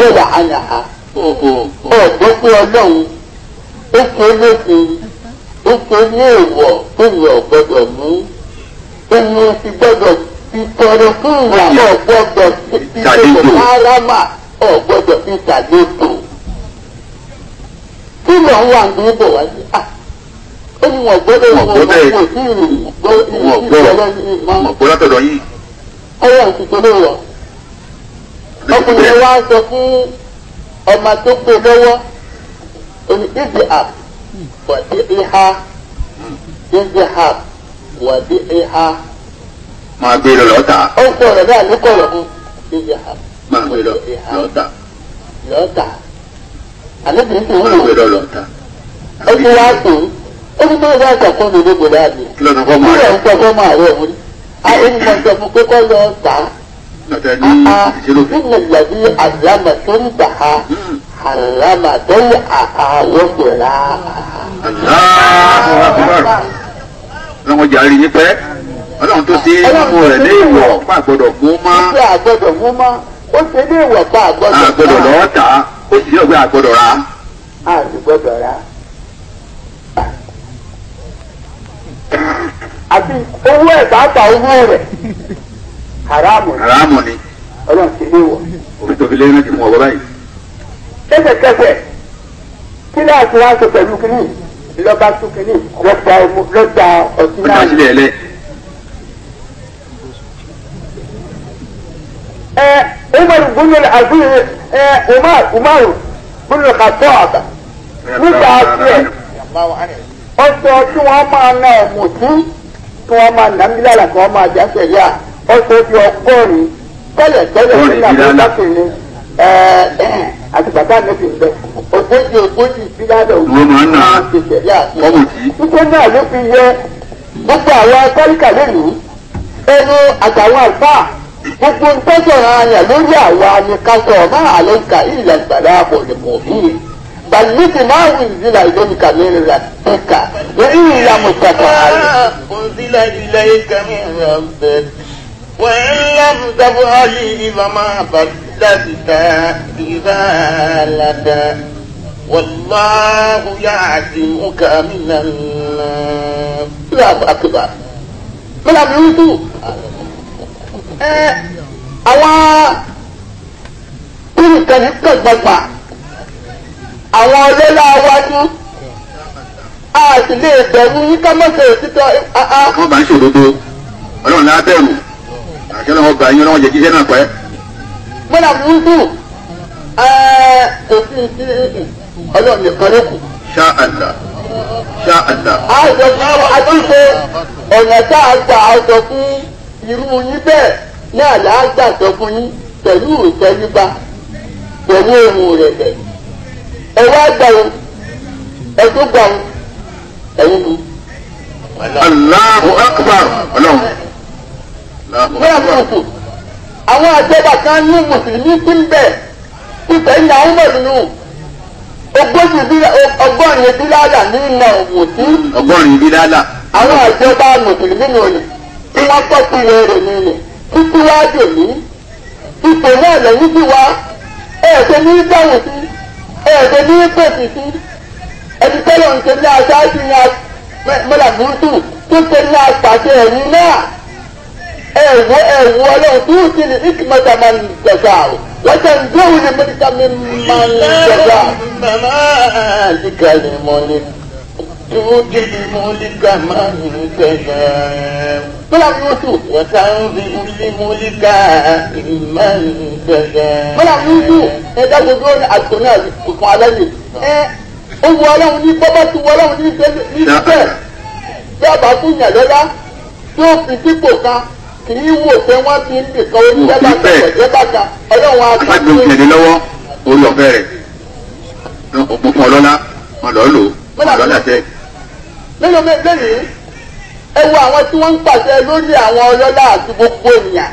yóòdà ànàhà ọ̀ gbọ́ pé ọlọ́run ó ṣe é léṣe ó ṣe é ní èèwọ̀ tó yẹ ọ̀gbọ́dọ̀ mú ẹni ti gbọ́dọ̀ ti tọrọ fún ìyàwó ọ̀gbọ́dọ̀ ti tẹ̀lé rárá mà ọ̀gbọ́dọ̀ ti tàlejò kí ló ń wà wá sí ó ní wọn gbọ́dọ̀ wọn gbọ́dọ̀ wọn kí ìrìn gbọ́ ìrìn gbọ́ látọ̀dọ̀ yìí. ọwọ́ ìkùkùrú rọ ọkùnrin wa sọ fún ọmọ tó gbé lọ́wọ́ oní ibi àp wàdí ìhà ibi àp wàdí ìhà. máa gbé lọ lọ́tà. ó ń kọ̀rọ̀ náà ló kọ̀rọ̀ fún ibi àp. máa gbé lọ lọ́tà. lọ́tà àlébìnrin kan wọ́n gbé lọ́lọ́ ta. ó ti wá pè é ó ní bẹ́ẹ̀ láti ọkọ mi ló gbọdọ̀ àdé. lọ́nà kọ́ máa rẹ̀ ń tọ́ kọ́ máa rẹ̀ mú ni. a ó ní mo sọ fún pé kọ́ lọ tà á. lọ́tà ní ìṣèlú fún. nínú ìlànà àlámà tó ń bà á àlámà tó ń àwọ̀ pẹ̀lá. ọlọ́run jàre pẹ́ ọlọ́run tó ṣe mú rẹ̀ ní ìwọ̀ pàgbọ́dọ̀ mú mọ́. ó ṣe ní ìwọ̀ pàgbọ́dọ̀ mọ́. àgbọ̀dọ̀ ó sì yọ̀ pé àgbọ̀dọ̀ ra. àgbọ̀dọ̀ ra. àti owó ẹ̀ pàápàá owó rẹ̀ haramu ni. haramu ni. ọlọ́run ti lé wọ. òfin tó fi lé náà ti mú ọ bọ́ báyìí. kẹsẹ̀kẹsẹ̀ kí láti wá sọ pẹ̀lú kínní lọ́ba tún kínní lọ́ba ọtí náà. ọtí náà sílẹ̀ ẹlẹ́. umar bin al-aziz umar umar bin al-khattab nígbà tiẹ̀ ọsọ tí wọ́n máa na ẹ̀mú sí tí wọ́n máa nà mí lára kí wọ́n máa jẹ́ sẹ̀ríà ọsọ bí ọgọ́rin tẹ́lẹ̀ tẹ́lẹ̀ nígbà tó dákì ni àti bàbá mi fi bẹ òjòjì òjòjì sí lábẹ́ òjòjì máa ń ṣe sẹ̀ríà sí nítorí náà ló fi yẹ gbogbo àwọn akọ́ríkà lónìí ẹnu àtàwọn àlùfáà gbogbo gbọ́dọ̀ ààyàn lórí àwa ni ká sọ ọ̀má àlẹ́ka ìlà ìgbàlá àpọ̀lẹ̀pọ̀ yìí gbàlídì máa ń wùdí ìlà ìlẹ́yìnká ní ìlà ìka ní ìlà mùtàkà ààrẹ. ìlà ìlẹ́yìnká ní ìlà bẹ́ẹ̀ wọ́n ń lọ́mú dábọ̀ àlè ìlà máa bá dábìtà ìlà àlàdà wàlláhu yáàdì mùkà mí nàlá. ìlà àkùbà mọ́lá mi ń Eh, àwọn nǹkan nǹkan gbàgbà àwọn ọlọ́lá wájú a sì lè bẹ̀rù yín ká mọ̀tò títọ́. wọ́n bá ń ṣòdodo ọlọ́run náà bẹ̀rù àkẹ́lẹ́ wọn gbà yín ọlọ́run jẹ́ jíjẹ́ náà pẹ́. mọ́nà burúkú eh, kò sí ti ọlọ́run nìkan ló kù. ṣá àlà ṣá àlà. a jọ fún àwọn àtúnṣe ọ̀nà tá a gbà a sọ fún irú yín bẹ́ẹ̀ náà làágbàsọ fún yín pẹ̀lú ìtẹríba pẹ̀lú ohun rẹ̀ bẹ̀. ẹ wá gbà wọn ẹ tó gbà wọn ẹ̀yin mi. Allahu akbar ọlọ́run. bẹ́ẹ̀ mọ̀ kù àwọn àjọba kan ní mùsùlùmí tí ń bẹ̀ ìfẹ́ ní àwọn mọ̀lúù ogójì ọgọ́rin bílálà ní ìlà òwò sí. ọgọ́rin bílálà. àwọn àjọba mùsùlùmí nìyẹn tí wọ́n kọ́ sí rẹ̀ nìyẹn títí wá dèmí ipò náà lẹ́yìn bí wá ẹ̀ẹ́dẹ̀ ní dáhùn sí ẹ̀ẹ́dẹ̀ ní pèsè sí ẹni tẹ́lọ̀ ń ṣe ní aṣáájú ní mọ́là burúkú tó ṣe ní apàṣẹ ẹ̀yìn náà ẹ̀wọ́ ẹ̀wọ́ ọlọ́run tó ṣe ní ìkìmọ̀tà máa ń jẹ̀dá o lọ́sẹ̀ ń gbé òun ní mẹ́tíkà mi máa ń jẹ̀dá. تؤتي الملك من تشاء ولا وتنزع الملك من تشاء ولا يوسف ẹ̀dá gbogbo ọ̀nà àtọ̀ náà kò fún alẹ́ yìí. ẹ ó wọ ọlọ́run ní bọ́bá tó wọ ọlọ́run ní bẹ́ẹ̀ bí a bá fún yàn lọ́lá tó fi dípò kan kì í wò pé wọ́n fi ń bìkan oníṣẹ́ bá kan ọ̀jẹ́ bá kan ọlọ́run á kà ní. agbègbè lọ́wọ́ orí ọ̀fẹ́ rẹ̀ ọ̀pọ̀ ọlọ́lá ọ̀lọ́lò ọ̀lọ́lá tẹ́ nínú lẹ́yìn ẹ àwọn tí wọ́n ń pàṣẹ lórí àwọn ọlọ́lá àti gbogbo ènìyàn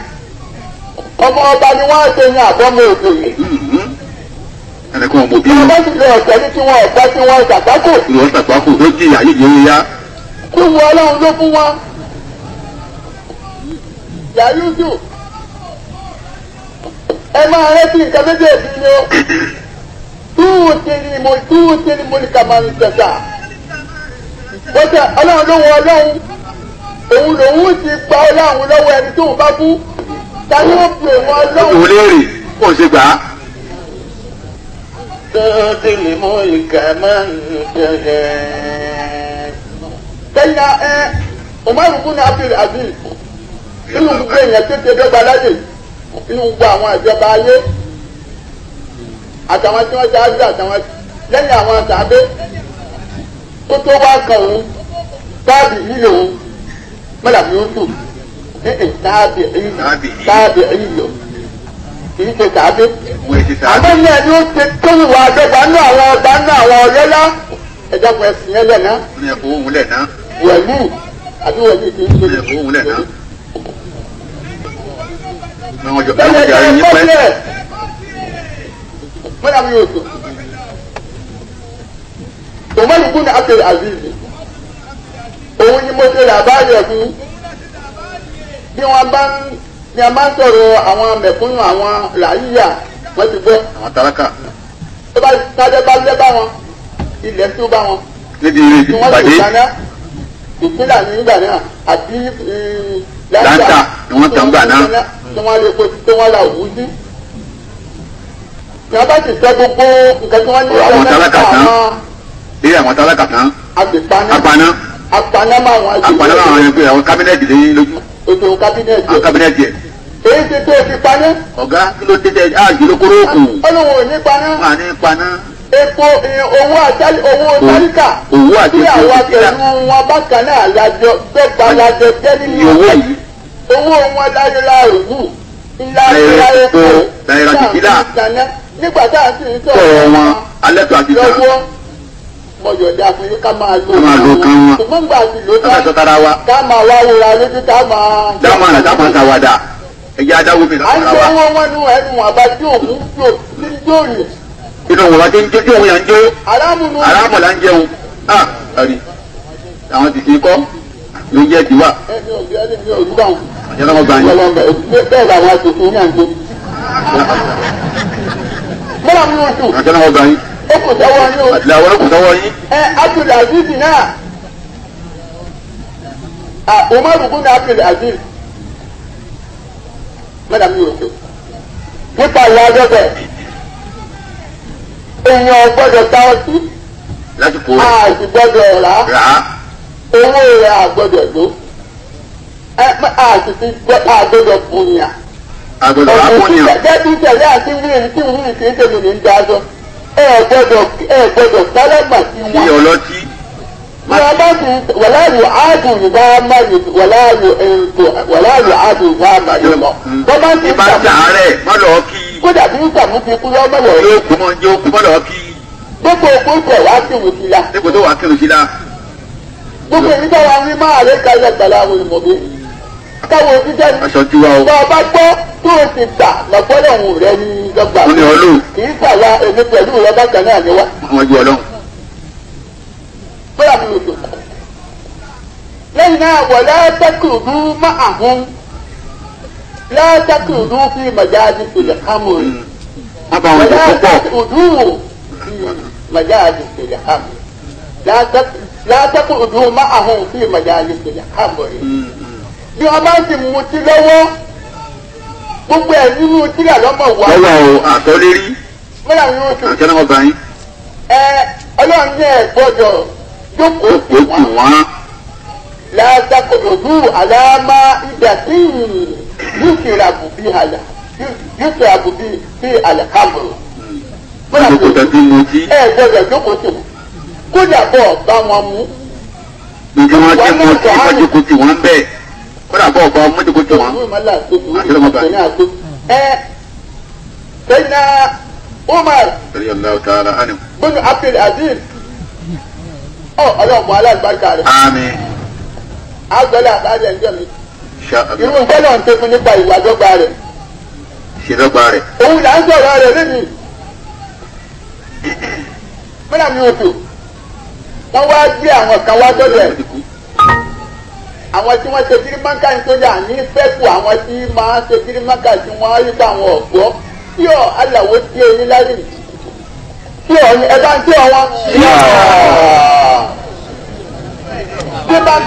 ọmọ ọba ni wọ́n ṣe ní àbọ́mọ òde yìí. ẹnìkan ọmọ ti lè ọ̀sẹ̀ ní kí wọ́n ọ̀gbá kí wọ́n ṣàgbákò. ìwọ́n ṣàgbákò ló jí ìyá yá. kí wọ́n ọlọ́run ló fún wọn. yàrúdù ẹ máa rántí nǹkan méjèèjì ni ó. túwò tí ni mo túwò tí ni mo ní kàmáà tẹ̀sà ó tẹ ọlọ́run ló wọ ọlọ́run òun lòun ti gba ọlọ́run lọ́wọ́ ẹni tó ń bá fún ta ni ó pè wọn ọlọ́run. òun léèrè kò ṣe gbà á. tọ́jú lè mú ìka máa ń jẹjẹ. kẹ́yìn ẹ ọmọọ̀rùn fún nàbìrì àbí inú gbogbo èèyàn tètè dọ́gba láyè inú gbogbo àwọn ìjọba ayé àtàwọn tí wọ́n já àgbà àtàwọn lẹ́yìn àwọn àtàbẹ́ kó tó wá kan òun táàbì yìí lòun mọ́làbí ó tù táàbì yìí táàbì yìí lò kì ṣe tàbí. àmọ́ ní ẹni ó ṣe tóbi wà dọ́gba ní àwọn ọba ní àwọn ọlọ́lá ẹ̀dá kan ẹ̀sìn yẹn lẹ̀ náà. ní ẹ̀kọ́ òun lẹ̀ náà. wẹ̀lú àbí wẹ̀lú kì ṣe. ẹ̀kọ́ òun lẹ̀ náà. bẹ́ẹ̀ ni ẹ̀kọ́ sílẹ̀ mọ́làbí yóò tù. Umar ibn Abdul Aziz òun ni mo ṣe làbáyé fún bí wọ́n bá ń ni a máa ń sọ̀rọ̀ àwọn mẹ̀kúnnù àwọn làyíyà wọ́n ti gbọ́. àwọn tálákà. tó bá tájọ́ bá lẹ́ bá wọn ilẹ̀ tó bá wọn. níbi ilé ìdìbò pàdé. ìpínlẹ̀ ní ìgbà náà àbí láńtà ni wọ́n tàn gbà náà. tí wọ́n lè kojú tí wọ́n la òwú sí. ní wọ́n bá ti sọ gbogbo nǹkan tí wọ́n ní sọ náà àwọn bí àwọn tálákà tán apaná apaná máa wọn ẹgbẹ́ àwọn kábínẹ̀tì lé lójú ojú kábínẹ̀tì àwọn kábínẹ̀tì ẹ̀. èyí ti tó o ti paná. ọ̀gá kí ló dé tẹ á ah, jùlọ kóró kù. olówó ò ní paná. wà ní paná. epo owó àtàlí owó tálíkà. owó àti epo òkè tí a. tí àwọn àtẹnu wọn bákan náà lajọ dọ́gba lajọ jẹ́ nínú owó yìí. owó wọn láyé láàrú wù. láyé epo láyé rajìkìlá. nígbà tá a sì ń sọ̀rọ̀ wọn alẹ́ tó a ti tán mọ yọ̀dá fún yín ká máa lo kan wọn ṣùgbọ́n gbà mí ló dá ká máa wá wúra lójú ká máa. dáwọn àná dáwọn ta wàdà ẹjẹ adáwó mi lọ́wọ́ wa. àjọ wọn wọn nu ẹnu àbá tí òun jò ní jòyè. inú wọn wá ti ń jó tí òun yà ń jó. aráàmù là ń jẹun àwọn ẹni ò jẹ́ ẹni mi ń jó. mọ́ra mi ò ẹ kò sọ́wọ́ yín o. àdìlẹ̀ àwọn kò sọ́wọ́ yín. ẹ Abdul Aziz náà Umaru bin Abdul Aziz mẹ́ta mi ò tó nípa ìwà ọdọ́dọ̀ èèyàn gbọ́dọ̀ ta ọtí lásìkò àti gbọ́dọ̀ rà á owó rẹ̀ àgbọ́dọ̀ gbó àti ti àgbọ́dọ̀ fún yà. àgbọ́dọ̀ àpò ni o. ọ̀sẹ̀ tí tẹ̀lé àti wíìrì tí wíìrì kì í tẹ̀lé ní dájọ́ ẹ ẹ gbọ́dọ̀ sálámà sí wọn. iye ọlọ́tí. wàláàlú wàláàlú àádùn ìgbà mẹ́rin wàláàlú ẹ̀ǹtò wàláàlú àádùn ìgbà lọ. bọ́lá ti bá sàárẹ̀ mọ́lọ̀ kí. kódà bí sàmú ti kú lọ́wọ́ mọ́lọ̀. yóò kú mọ́ yóò kú mọ́lọ̀ kí. gbogbo òkúńkọ wá kírun sí la. gbogbo tó wá kírun sí la. gbogbo ìdíjọ́ wa máa rẹ̀ káyọ̀ gbàlá àwọn ìmọ̀ mi táwọn oníjẹ́ ní bá a bá gbọ́ tó o ti gbà lọ́gbọ́dọ̀ wù rẹ ní lọ́gbà kì í gbàlá èmi pẹ̀lú rẹ bákan náà ni wá. bóyá mi ò dùn. lẹ́yìn náà wọ̀lá tẹ́kùrú hmm. má àhún látàkùrú fi màjáde sílẹ̀ hámùrì. wọ̀lá tẹ́kùrú fi màjáde sílẹ̀ hámùrì. látàkùrú má àhún fi màjáde hmm. sílẹ̀ hámùrì bí wọ́n bá sì mutí lọ́wọ́ gbogbo ẹ̀ nínú tíra lọ́mọ wá. lọ́wọ́ o àtọ́lé rí. mẹ́ta mi ò sùn. àjẹ́nà ọba yín. ẹ ọlọ́run ní ẹ gbọ́dọ̀ jókòó sí wọn. ó kù wọ́n. làásàkòdòdú àlàámá ìdá sí yóò ṣe ràbù bí àlà yóò ṣe ràbù bí bí àlà kámọ̀rọ̀. jókòó tẹ̀sí mutí. ẹ gbọ́dọ̀ jókòó sí wọn kódà bọ̀ bá wọn mú. nǹkan wọn jẹ́ mọ́tò ìfọ́jú wọn bẹ́ẹ̀ kódà bọ̀ ọ̀bọ̀ mọ́tòkótó wọn àti ọmọ bàbá. ẹ sẹ́yìnà Umar. sẹ́yìn aláwọ̀ tààrà ánì. gbọ́dọ̀ Abdul Aziz. ọ ọlọ́pàá alágbàtà rẹ̀. àmín. agbẹ́lẹ̀ àbájá ẹ̀jẹ̀ mi. irú ìjẹ́ náà ń ṣe fún nípa ìwà dọ́gba rẹ̀. ṣe dọ́gba rẹ̀. òun là ń sọ̀rọ̀ rẹ̀ lẹ́nu. mẹ́ta mi ò tó wọ́n wá gbé àwọn kan wá dọ́dọ̀ ẹ̀ àwọn tí wọ́n ṣe gírímọ́kà ní sójà ní fẹ́kù àwọn tí máa ṣe gírímọ́kà tí wọ́n rí bá wọn ọ̀gbọ́ tí ọ̀ aláwo tí eyín lárí tí ọ̀ ẹ bá ń tí ọ̀ wọn.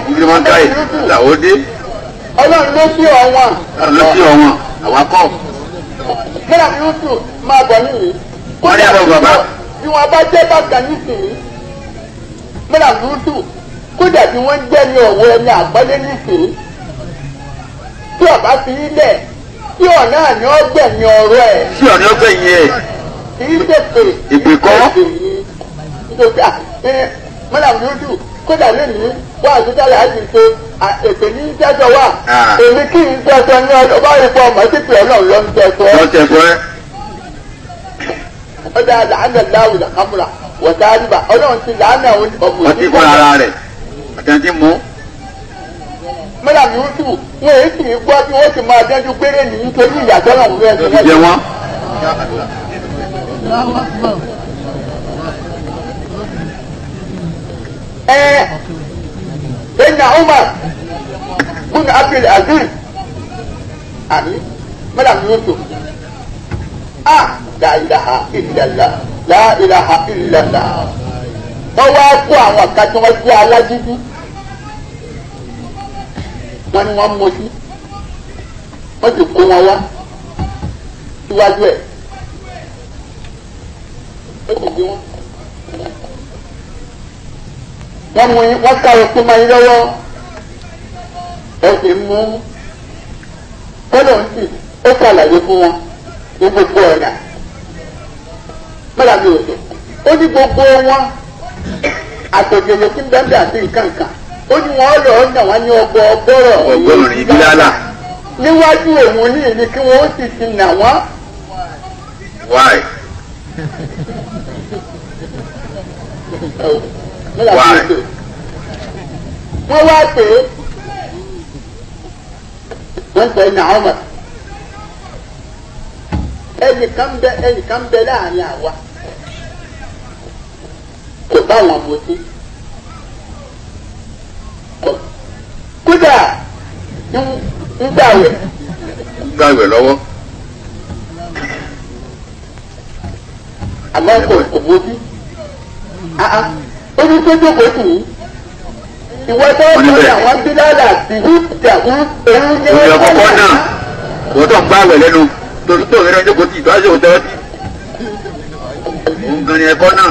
gírímọ́kà yìí làwọn dé. ọlọ́run ló tí ọ̀ wọn. ló tí ọ̀ wọn àwa kọ́. gíra mi ń tù máa bọ̀ níwèé. o rí àwọn bàbá. bí wọ́n bá jẹ́ bàtà nísìnyí. gíra mi ń tù kódà bí wọ́n jẹ́ ní ọ̀wọ́ ẹni àgbọ́lé nífẹ̀ẹ́ tí ọba fi ilẹ̀ tí ọ̀nà àní ọgbẹ̀yìn ọ̀rọ̀ ẹ̀. tí ọ̀nà ọgbẹ̀yìn ẹ̀. kì í dèpè. ìpè kọ́. ìdòkà mọ́nà mi ó dùn kódà lónìí wọ́n àtúntàlẹ̀ àti ṣe èpè ní dájọ́ wà. èmi kì í dẹ́sọ ní ọba ìfọ ọmọ títí ọlọ́run ló ń dẹ́sọ. ọ̀dà làánà láwùlà kámúra wọ̀tá àdìbà ọlọ́run ti làánà ọmọ ìfọ àtẹnudí mú. mẹ́ta mi yusuf wọ́n èyí sì ní gbọ́ bí wọ́n sì máa dẹ́jú péré nìyí torí ìyàtọ̀ náà wúwo ẹ̀sìn náà. jẹ wọn. ẹ ẹnyà umar bin abdul aziz àbí mẹ́ta mi yusuf ah la ilaha illallah la ilaha illallah wọ́n wá kó àwọn àkàtúntò wọn wọ́n ní wọ́n mọ̀sí wọ́n ti kó wọn wá síwájú ẹ̀ ó sì bí wọn. wọ́n mú wọ́n ká epo máa ń lọ́wọ́ ẹ sì mú kọ́dọ̀ ń sì ó ṣàlàyé fún wọn ní gbogbo ọ̀nà mọ́ra mi ò sọ ó ní gbogbo wọn àtòjòyè tí ń bẹ́ẹ̀ bẹ́ẹ̀ àti nǹkan kan ó ní wọ́n lọ ọ̀nà wá ní ọgbọ ọgbọ́rọ̀ ọgọ́rin bílálà níwájú òun ní ìní kí wọ́n sì ti nà wọ́n. wáì. wáì. wọ́n wá pé wọ́n pè ní àwọn ọmọ ẹnìkan bẹ ẹnìkan bẹ láàrin àwa kò bá wọn bó sí kódà ń gbàwẹ̀. ń gbàwẹ̀ lọ́wọ́. àmọ́ kò kò bójú. ó ní kó jókòó tù ú. ìwọ tó ń bọ̀ àwọn bílọ́dà sí húpìtà òun ní wọ́n kọ́ náà. wọ́n tó ń gbàwẹ̀ lẹ́nu tòlótòló rẹ̀ jókòó tì tó a ṣe òun tẹ́wọ́ tì. òun gan ni ẹ̀kọ́ náà.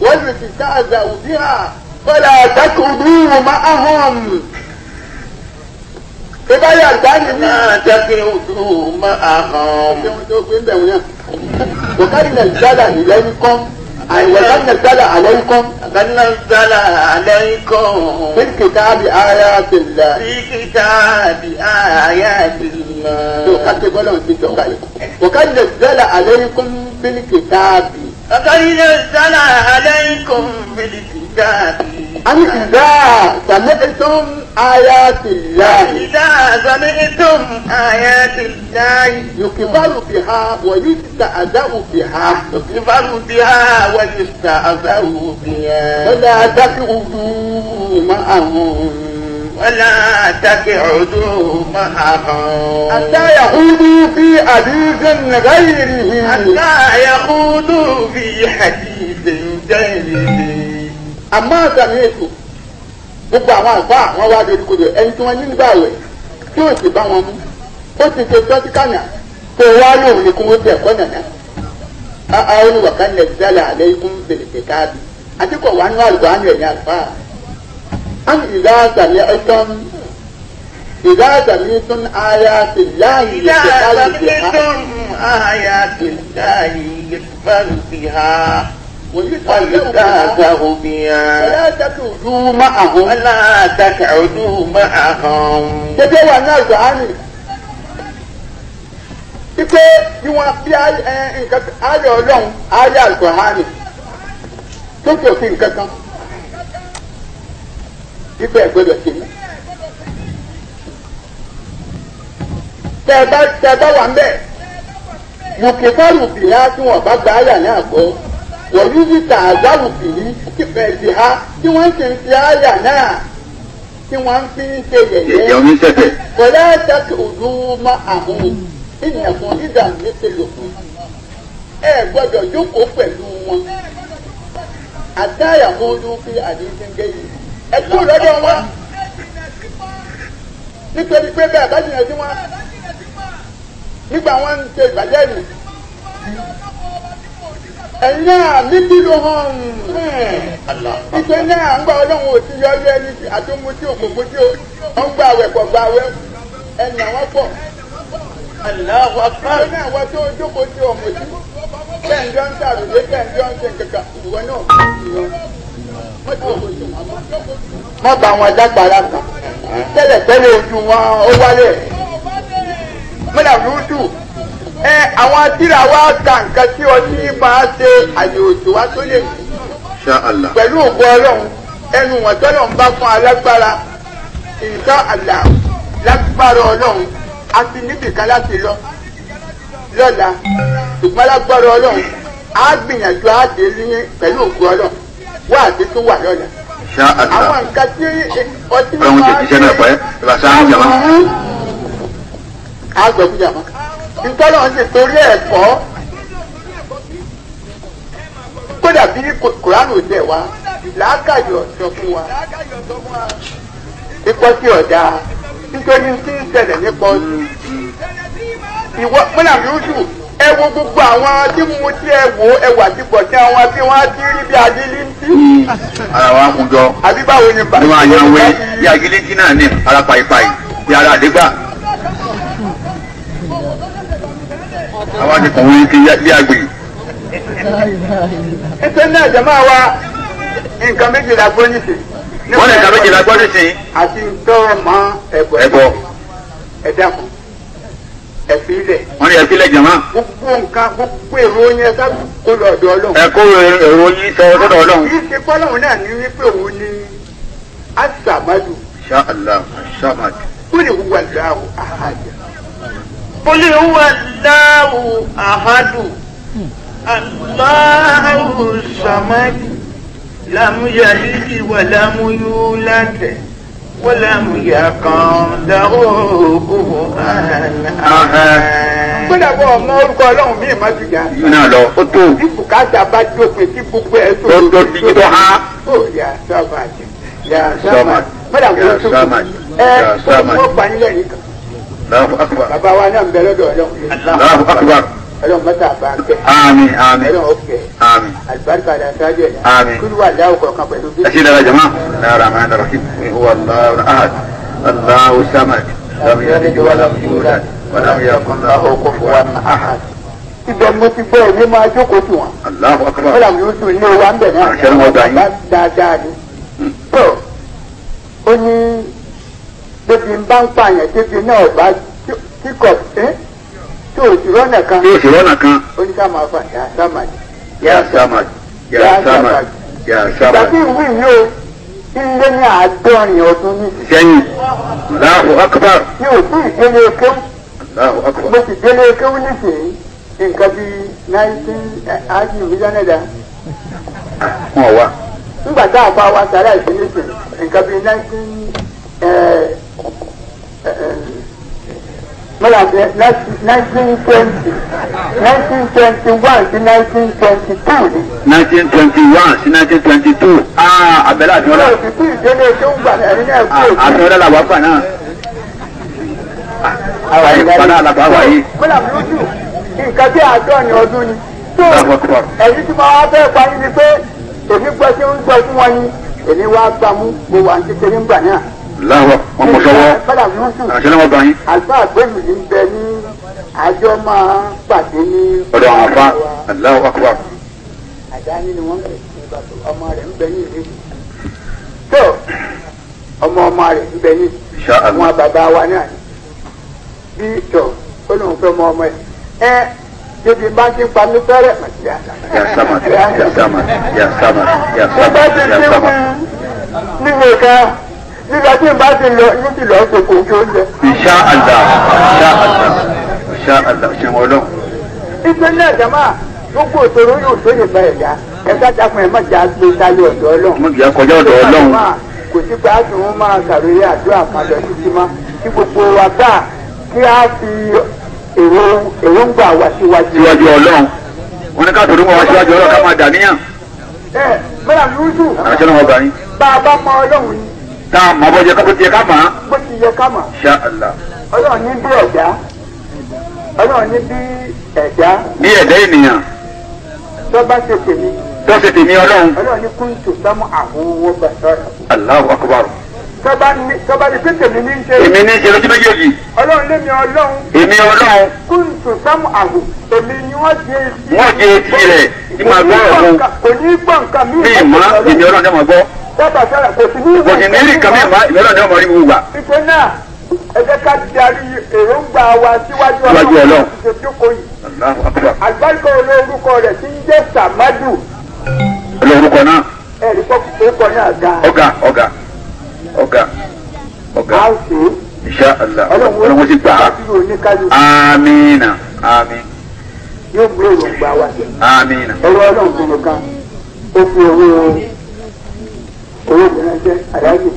والتي استأذوا بها فلا تكذوا معهم تبايا تاني ما تكذوا معهم وكان الزلا إليكم أن وكان الزلا عليكم كان الزلا عليكم في كتاب آيات الله في كتاب آيات الله وكان الزلا عليكم في الكتاب فقد نزل عليكم بالكتاب أم إذا سمعتم آيات الله إذا سمعتم آيات الله يكبر بها ويستأذى بها يكبر بها ويستأذى بها ولا تقعدوا معهم ولا تقعدوا معهم حتى يخوضوا في حديث غيره حتى يخوضوا في حديث غيره أما سمعت gbogbo àwọn àgbà àwọn wá dojú kodò ẹni tí wọn ní nígbà wẹ tí ò sì bá wọn mú ó ti ṣe tọ́jú kànà tó wá lóun ní kí wọ́n bẹ̀ kọ́ nàná. a ó ní wàkánlẹ̀ sálà àlẹ́ ikú bèrè kẹta bí àti kò wá ní àlùkò àánú ẹ̀yìn àlùfáà. أم إذا سمعتم إذا سمعتم آيات الله إذا سمعتم آيات الله يكفر بها ويقلدها بها فلا تقعدوا معهم ولا تقعدوا معهم تدوى الناس عنك ipe wọn fi Ọlọ́run ayé tó ibẹ̀ gbẹdọ̀ sí mi. tẹ ẹ bá tẹ ẹ bá wà ń bẹ̀ mùkì fáàlù bì á tí wọn bá gba àyà náà gbọ́ wọ́n yí sí tààdáwù bì í kíkẹ́ sí ha tí wọ́n sì ń fi àyà náà tí wọ́n fi ń ṣe yẹ̀yẹ́ pẹ̀lú ẹ̀ṣẹ̀ òdu ma àwọn ìyẹ̀fun ìdá mi ti lò fún ẹ gbọ́dọ̀ jókòó pẹ̀lú wọn àtàyà mọ́ọ́dún fi àdínkù gẹ́yìn ẹ kúrò lọ́dọ̀ wọn nítorí pé bẹ́ẹ̀ bá jìnnà sí wọn nígbà wọn ń ṣe ìbàjẹ́ nù ẹ̀yin náà níbí ló hàn ìpè náà ń gba ọlọ́run ò ti yọrí ẹni àti omi tí ò gbogbo tí ó ń gba àwẹ̀ pọ̀ gba àwẹ̀ ẹnì àwọn pọ̀ aláwọ náà wá tó jókòó tí ọmọ sí bẹ́ẹ̀ ń jọ ń sàrùlé bẹ́ẹ̀ ń jọ ń ṣe kankan ìwọ náà má bá wọn dágbára kan tẹ́lẹ̀tẹ́lẹ̀ ojú wọn ó wálẹ̀ mọ́nà rúdù ẹ àwọn tíra wa ka nǹkan tí o ní máa ṣe àyèwò tó wá tó lè ní. pẹ̀lú ògbó ọlọ́run ẹnu wọn tọ́lọ̀ ń bá fún alágbára nǹkan àlà lágbára ọlọ́run a ti níbìkan láti lọ lọ́la ṣùgbọ́n lágbára ọlọ́run á gbìyànjú á ní pẹ̀lú ògbó ọlọ́run wà á ti tún wà lọ́la. àwọn nǹkan tí ọtí máa ń ṣe. ọ̀hún ti ṣiṣẹ́ náà pẹ́ ìbáṣá ń jàmá. a gbọ̀ fún jàmá. ìtọ́lọ̀ ń ṣe torí ẹ̀kọ́ kódà bí kuranu tẹ̀ wá làákàyè ọ̀sán fún wa. ikọ́ tí ọ̀dà nítorí tí ń ṣẹlẹ̀ nípa ọ̀sùn. ìwọ múnàmí ń sùn ẹ wo gbogbo àwọn tí mo ti ẹ wo ẹ wà tí bọ̀ tí àwọn tí wọ́n á ti rí bí adílé ń tí. ara wa kún jọ àbí báwo ni bàbá ìwà yẹn wé bí agiliki náà ní ara pàìpàì bí ara àdégbà. àwa ti kàn wọ́n kí bí agbè. ẹsẹ̀ náà jẹ́ máa wá nǹkan méjì la gbọ́ nísì. wọ́n ní nǹkan méjì la gbọ́ nísì. àti tọ́ ọmọ ẹ̀bọ̀ ẹ̀bọ̀ ẹ̀dá kan ẹ̀fílẹ̀. wọ́n ní ẹ̀fílẹ̀ jàmá. gbogbo nǹkan gbogbo èrò yẹn sábà kó lọ ọ̀dọ̀ ọlọ́run. ẹ kó èrò yín sọ ọ̀dọ̀ ọlọ́run. kì í ṣe pọ́lọ́run náà ní wípé òun ni asàmàlù. ṣáàlà ṣáàmàlù. ó lè wúwa àhàdù. ó lè wúwa láàwù àhàdù. aláàwù sàmàlù. làmúyàlì ìwà làmúyúlàtẹ̀. ولم يكن له كفوا أحد gbọ́dọ̀ bọ̀ ọmọ orúkọ ọlọ́run mi ìmọ̀ ti jà. náà lọ ó tó. bí bùkátà bá dópin tí gbogbo ẹ tó. tó ti tó ha. ó yà sọ́mà jù yà sọ́mà gbọ́dọ̀ bọ̀ tó kù. ẹ tó mọ́ gbanilẹ̀ yìí kan. bàbá wa náà ń bẹ lọ́dọ̀ ọlọ́run. aláwọ̀ akbar ọlọ́run mẹ́ta bá ń tẹ̀. àmín àmín ọlọ́run ó kẹ́. àmín àlùbáríkà dá sáájú ẹ̀. àmín kúrú wà láwù kọ̀ọ̀kan pẹ̀lú bí. ẹ ṣe dára jama dára máa dára kí ni wà láwù ahad aláwù samad làwọn yàrá ìjọ wà láwù yóò rà yàrá kan láwù fún wa ahad. ibẹ̀ mo ti gbọ́ èmi máa jókòó tù wọ́n. aláwù akọ́bà. wọ́n làwọn yóò tún ilé wa ń bẹ̀ náà. àṣẹ ni wọ́n gbà yín. dáadáa ni tí o sì rọ́nà kan tí o sì rọ́nà kan ó ní ká máa fà yà sàmàd yà sàmàd yà sàmàd yà sàmàd. ìgbà tí ìwé yìí o ti ń lé ní àádọ́rin ọdún ní. sẹ́yìn Allahu akbar. mi ò tí ì délé kéwù. Allahu akbar. mo sì délé kéwù nísìnyí nǹkan bíi nineteen eh, ájú ìfúnjánẹ́dá. wọn wá. nígbà tá a bá wa sàrà ìfúnjánẹ́dá nǹkan bíi nineteen. Eh, mọ́lá bẹ eh, nineteen twenty nineteen twenty one sí nineteen twenty two ni. nineteen twenty one sí nineteen twenty two aa ah, abẹ́lẹ́ àtúnwọ́lá. Ah, yóò fi kí ìdílé tó ń gbà ẹni náà kú òkú. àtúnwọ́lá làwọn àgbà náà. àwọn ìpàdé àlàbà wà yìí. mọ́lá lójú nǹkan bí àádọ́ni ọdún ni. tó èyí tí mo wá fẹ́ parí ni pé èmi gbọ́ sí ń gbọ́ fún wọn ni èmi wá gbàmú mo wà ní kékeré ń gbà náà láwọ wọn mọ sọwọ àṣẹlẹ wọn báyìí. àgbà àgbẹ̀lù ní bẹ ní àjọ máa pàdé ní. ọ̀dọ̀ àwọn afa aláwọ̀ akọ̀wà. àdáni ni wọ́n bẹ̀ ọmọ rẹ̀ ń bẹ ní ìlú. tó ọmọ ọmọ rẹ̀ ń bẹ ní. àwọn bàbá wa náà bí tó ó lóun fẹ́ mọ ọmọ ẹ̀. ẹ jẹbi bá ti pa mí fẹ́rẹ̀. yasama yasama yasama yasama yasama. nígbà kan lílọ tí n bá ti lọ ní ti lọ ṣe kò tó lẹ. ìṣá àlà ìṣá àlà ìṣá àlà ṣe wọn lọ. ìpín náà jama gbogbo òṣòro yóò tó lè ba ẹ̀dá ẹ̀ka takun ẹ̀ mọ̀jà gbé tayọ ọ̀dọ̀ ọlọ́run. mọ̀jà kọjá ọ̀dọ̀ ọlọ́run. kò sí pé a tún máa ṣàròyé àdúrà kan lọ títí mọ́ kí gbogbo wa gbà kí a fi èròǹgbà wa síwájú. síwájú ọlọ́run wọn ní ká torí wọn wá síwájú ọlọ́run ká máa dà níyàn. ẹ mẹ́ràn lúdù. àṣẹ náà wọ́n gbà yín. bá a bá mọ ọlọ́run yìí tá a mọ̀ bó ti yẹ ká mọ̀. bó ti yẹ ká mọ̀. Insha Allah. ọlọ́run ní bí ẹ̀dá ọlọ́run ní bí ẹ̀dá. bí ẹ̀dá ènìyàn. tó bá ṣe tèmi. tó ṣe tèmi ọlọ́run. ọlọ́run ní kúntù sámú àwòwò bàtọ́rọ̀. Allahu akbar tọba ní tètè mi ní ṣe. èmi ní ṣe lójú méjèèjì. ọlọ́run lémi ọlọ́run. èmi ọlọ́run. kúntù sámú àwò èmi ni wọ́n di etí. wọ́n di etí rẹ̀ kò ní gbọ̀ǹkan mi. mi ìmọ̀ kò sí ní rí kàmí ọmọ rí wúwa. ìpè náà ẹ ká darí èròǹgbà wa síwájú ọlọ́run ti jókòó yìí. àgbáríkọ olórúkọ rẹ̀ ti ń jẹ́ sàmádù. olórúkọ náà. ẹ̀rí orúkọ náà ga. ọ̀gá ọ̀gá ọ̀gá ọ̀gá. a ó ṣe é. insha Allah ti gbà á. amiina amin. yóò mú èròǹgbà wa sí. amiina. ọ̀rọ̀ ọlọ́run kò lọ ká ó fi owó owó ìdáná jẹ́ àyájì.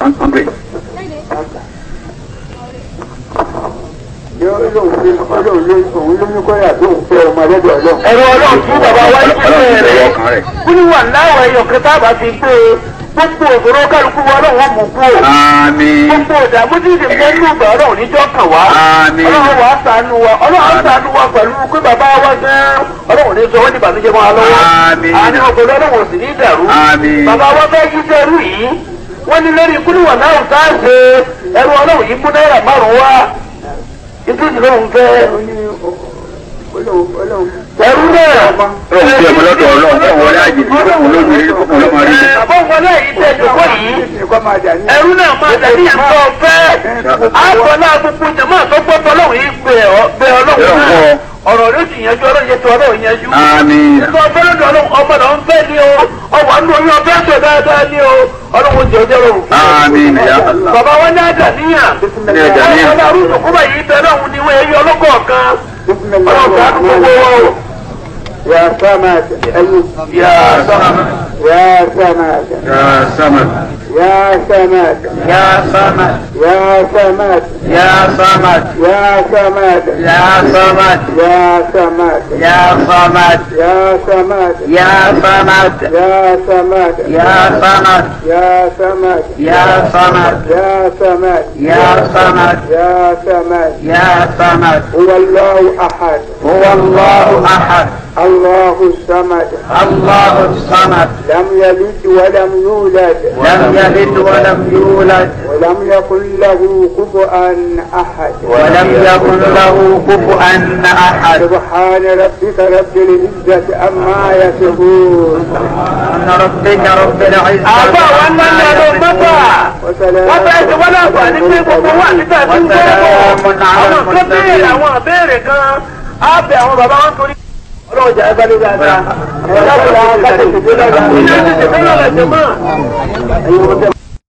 one hundred. yóò lóun fi ọlọ́run lé òun lóyún kọ́yà tó ń fẹ́ ọmọ ẹlẹ́dọ̀ ọlọ́run. ẹ̀rọ ọlọ́run fún bàbá wáyé kọ́lẹ̀ rẹ̀ kúrú wà láwọn ẹyọ kẹta bá fi gbé e gbogbo òdòdó kálukú wa ọlọ́run mú kú o. gbogbo ìdààmú tí ìdè mú ìgbà ọlọ́run níjọ́ kàn wá. ọlọ́run wàá ṣàánú wa ọlọ́run ṣàánú wa pẹ̀lú pé bàbá wa gan ọlọ́run ní sọ wọ́n ní ìbànújẹ́ mọ́ wa àní ọgbọ̀n ọlọ́run sì ní ìdàrú. bàbá wa fẹ́ yí sẹ́rù yìí wọ́n ní lórí kúlùwà náà ká ṣe ẹrú ọlọ́run yìí mú náírà márùn-ún wá. ìtúsí lóhun fẹ́. ọlọ́run ẹrú náà. ó ń gbé ọmọlọ́dọ̀ ọlọ́run tó wọlé àjèjì fún olómìnirí fún olómọrí. àbọ̀ wọlé yìí tẹ̀ jòkó yìí. ẹrú náà máa dàbí àtọ̀ fẹ́. àbọ̀lá gbogbo jẹ̀mọ́ àtọ́gbọ́ tọ́lọ́run yìí gbé ọlọ́run náà. ọ̀rọ̀ ló ti yanjú ọlọ́run yẹn tó ọlọ́run yanjú. àmín. ìgbà ọ̀fẹ́lọ́dọ̀ ọlọ́run ọmọ náà ń fẹ́ ni o. ọwọ́ àánú oyún ọbẹ̀ ẹ̀sọ̀ dáadáa ni o. ọlọ́run jẹ́ ọjọ́ rọrùn. àmín ya Allah. bàbá wọn ní àdàníyàn. ní àdàníyàn. ọlọ́run arúgbó kúbà yìí bẹ́ẹ̀ náà ni wọ́n ẹ̀yọ́ ọlọ́kọ̀ọ̀kan. ọlọ́run kà á gbogbo wọn o. يا سمك يا سمك يا سمك يا سمك يا صمد يا صمد يا صمد يا صمد يا صمد يا صمد يا صمد يا صمد يا صمد يا صمد يا صمد يا صمد يا صمد يا صمد يا صمد يا صمد يا صمد يا صمد هو الله احد هو الله احد الله الصمد الله الصمد لم يلد ولم يولد لم يلد يلد ولم يولد ولم يكن له كفؤا أحد ولم يكن له كفؤا أحد سبحان ربك رب العزة عما يصفون ان ربك رب العزة أبا وأنا لا نمتا وسلام ولا فأني وسلام على المرسلين àwọn àbẹ̀rẹ̀ kan á bẹ̀ àwọn bàbá wọn torí. ọlọ́run jẹ́ agbálẹ́ dáadáa ọlọ́run jẹ́ agbálẹ́ dáadáa ẹ̀yin ọ̀dẹ́.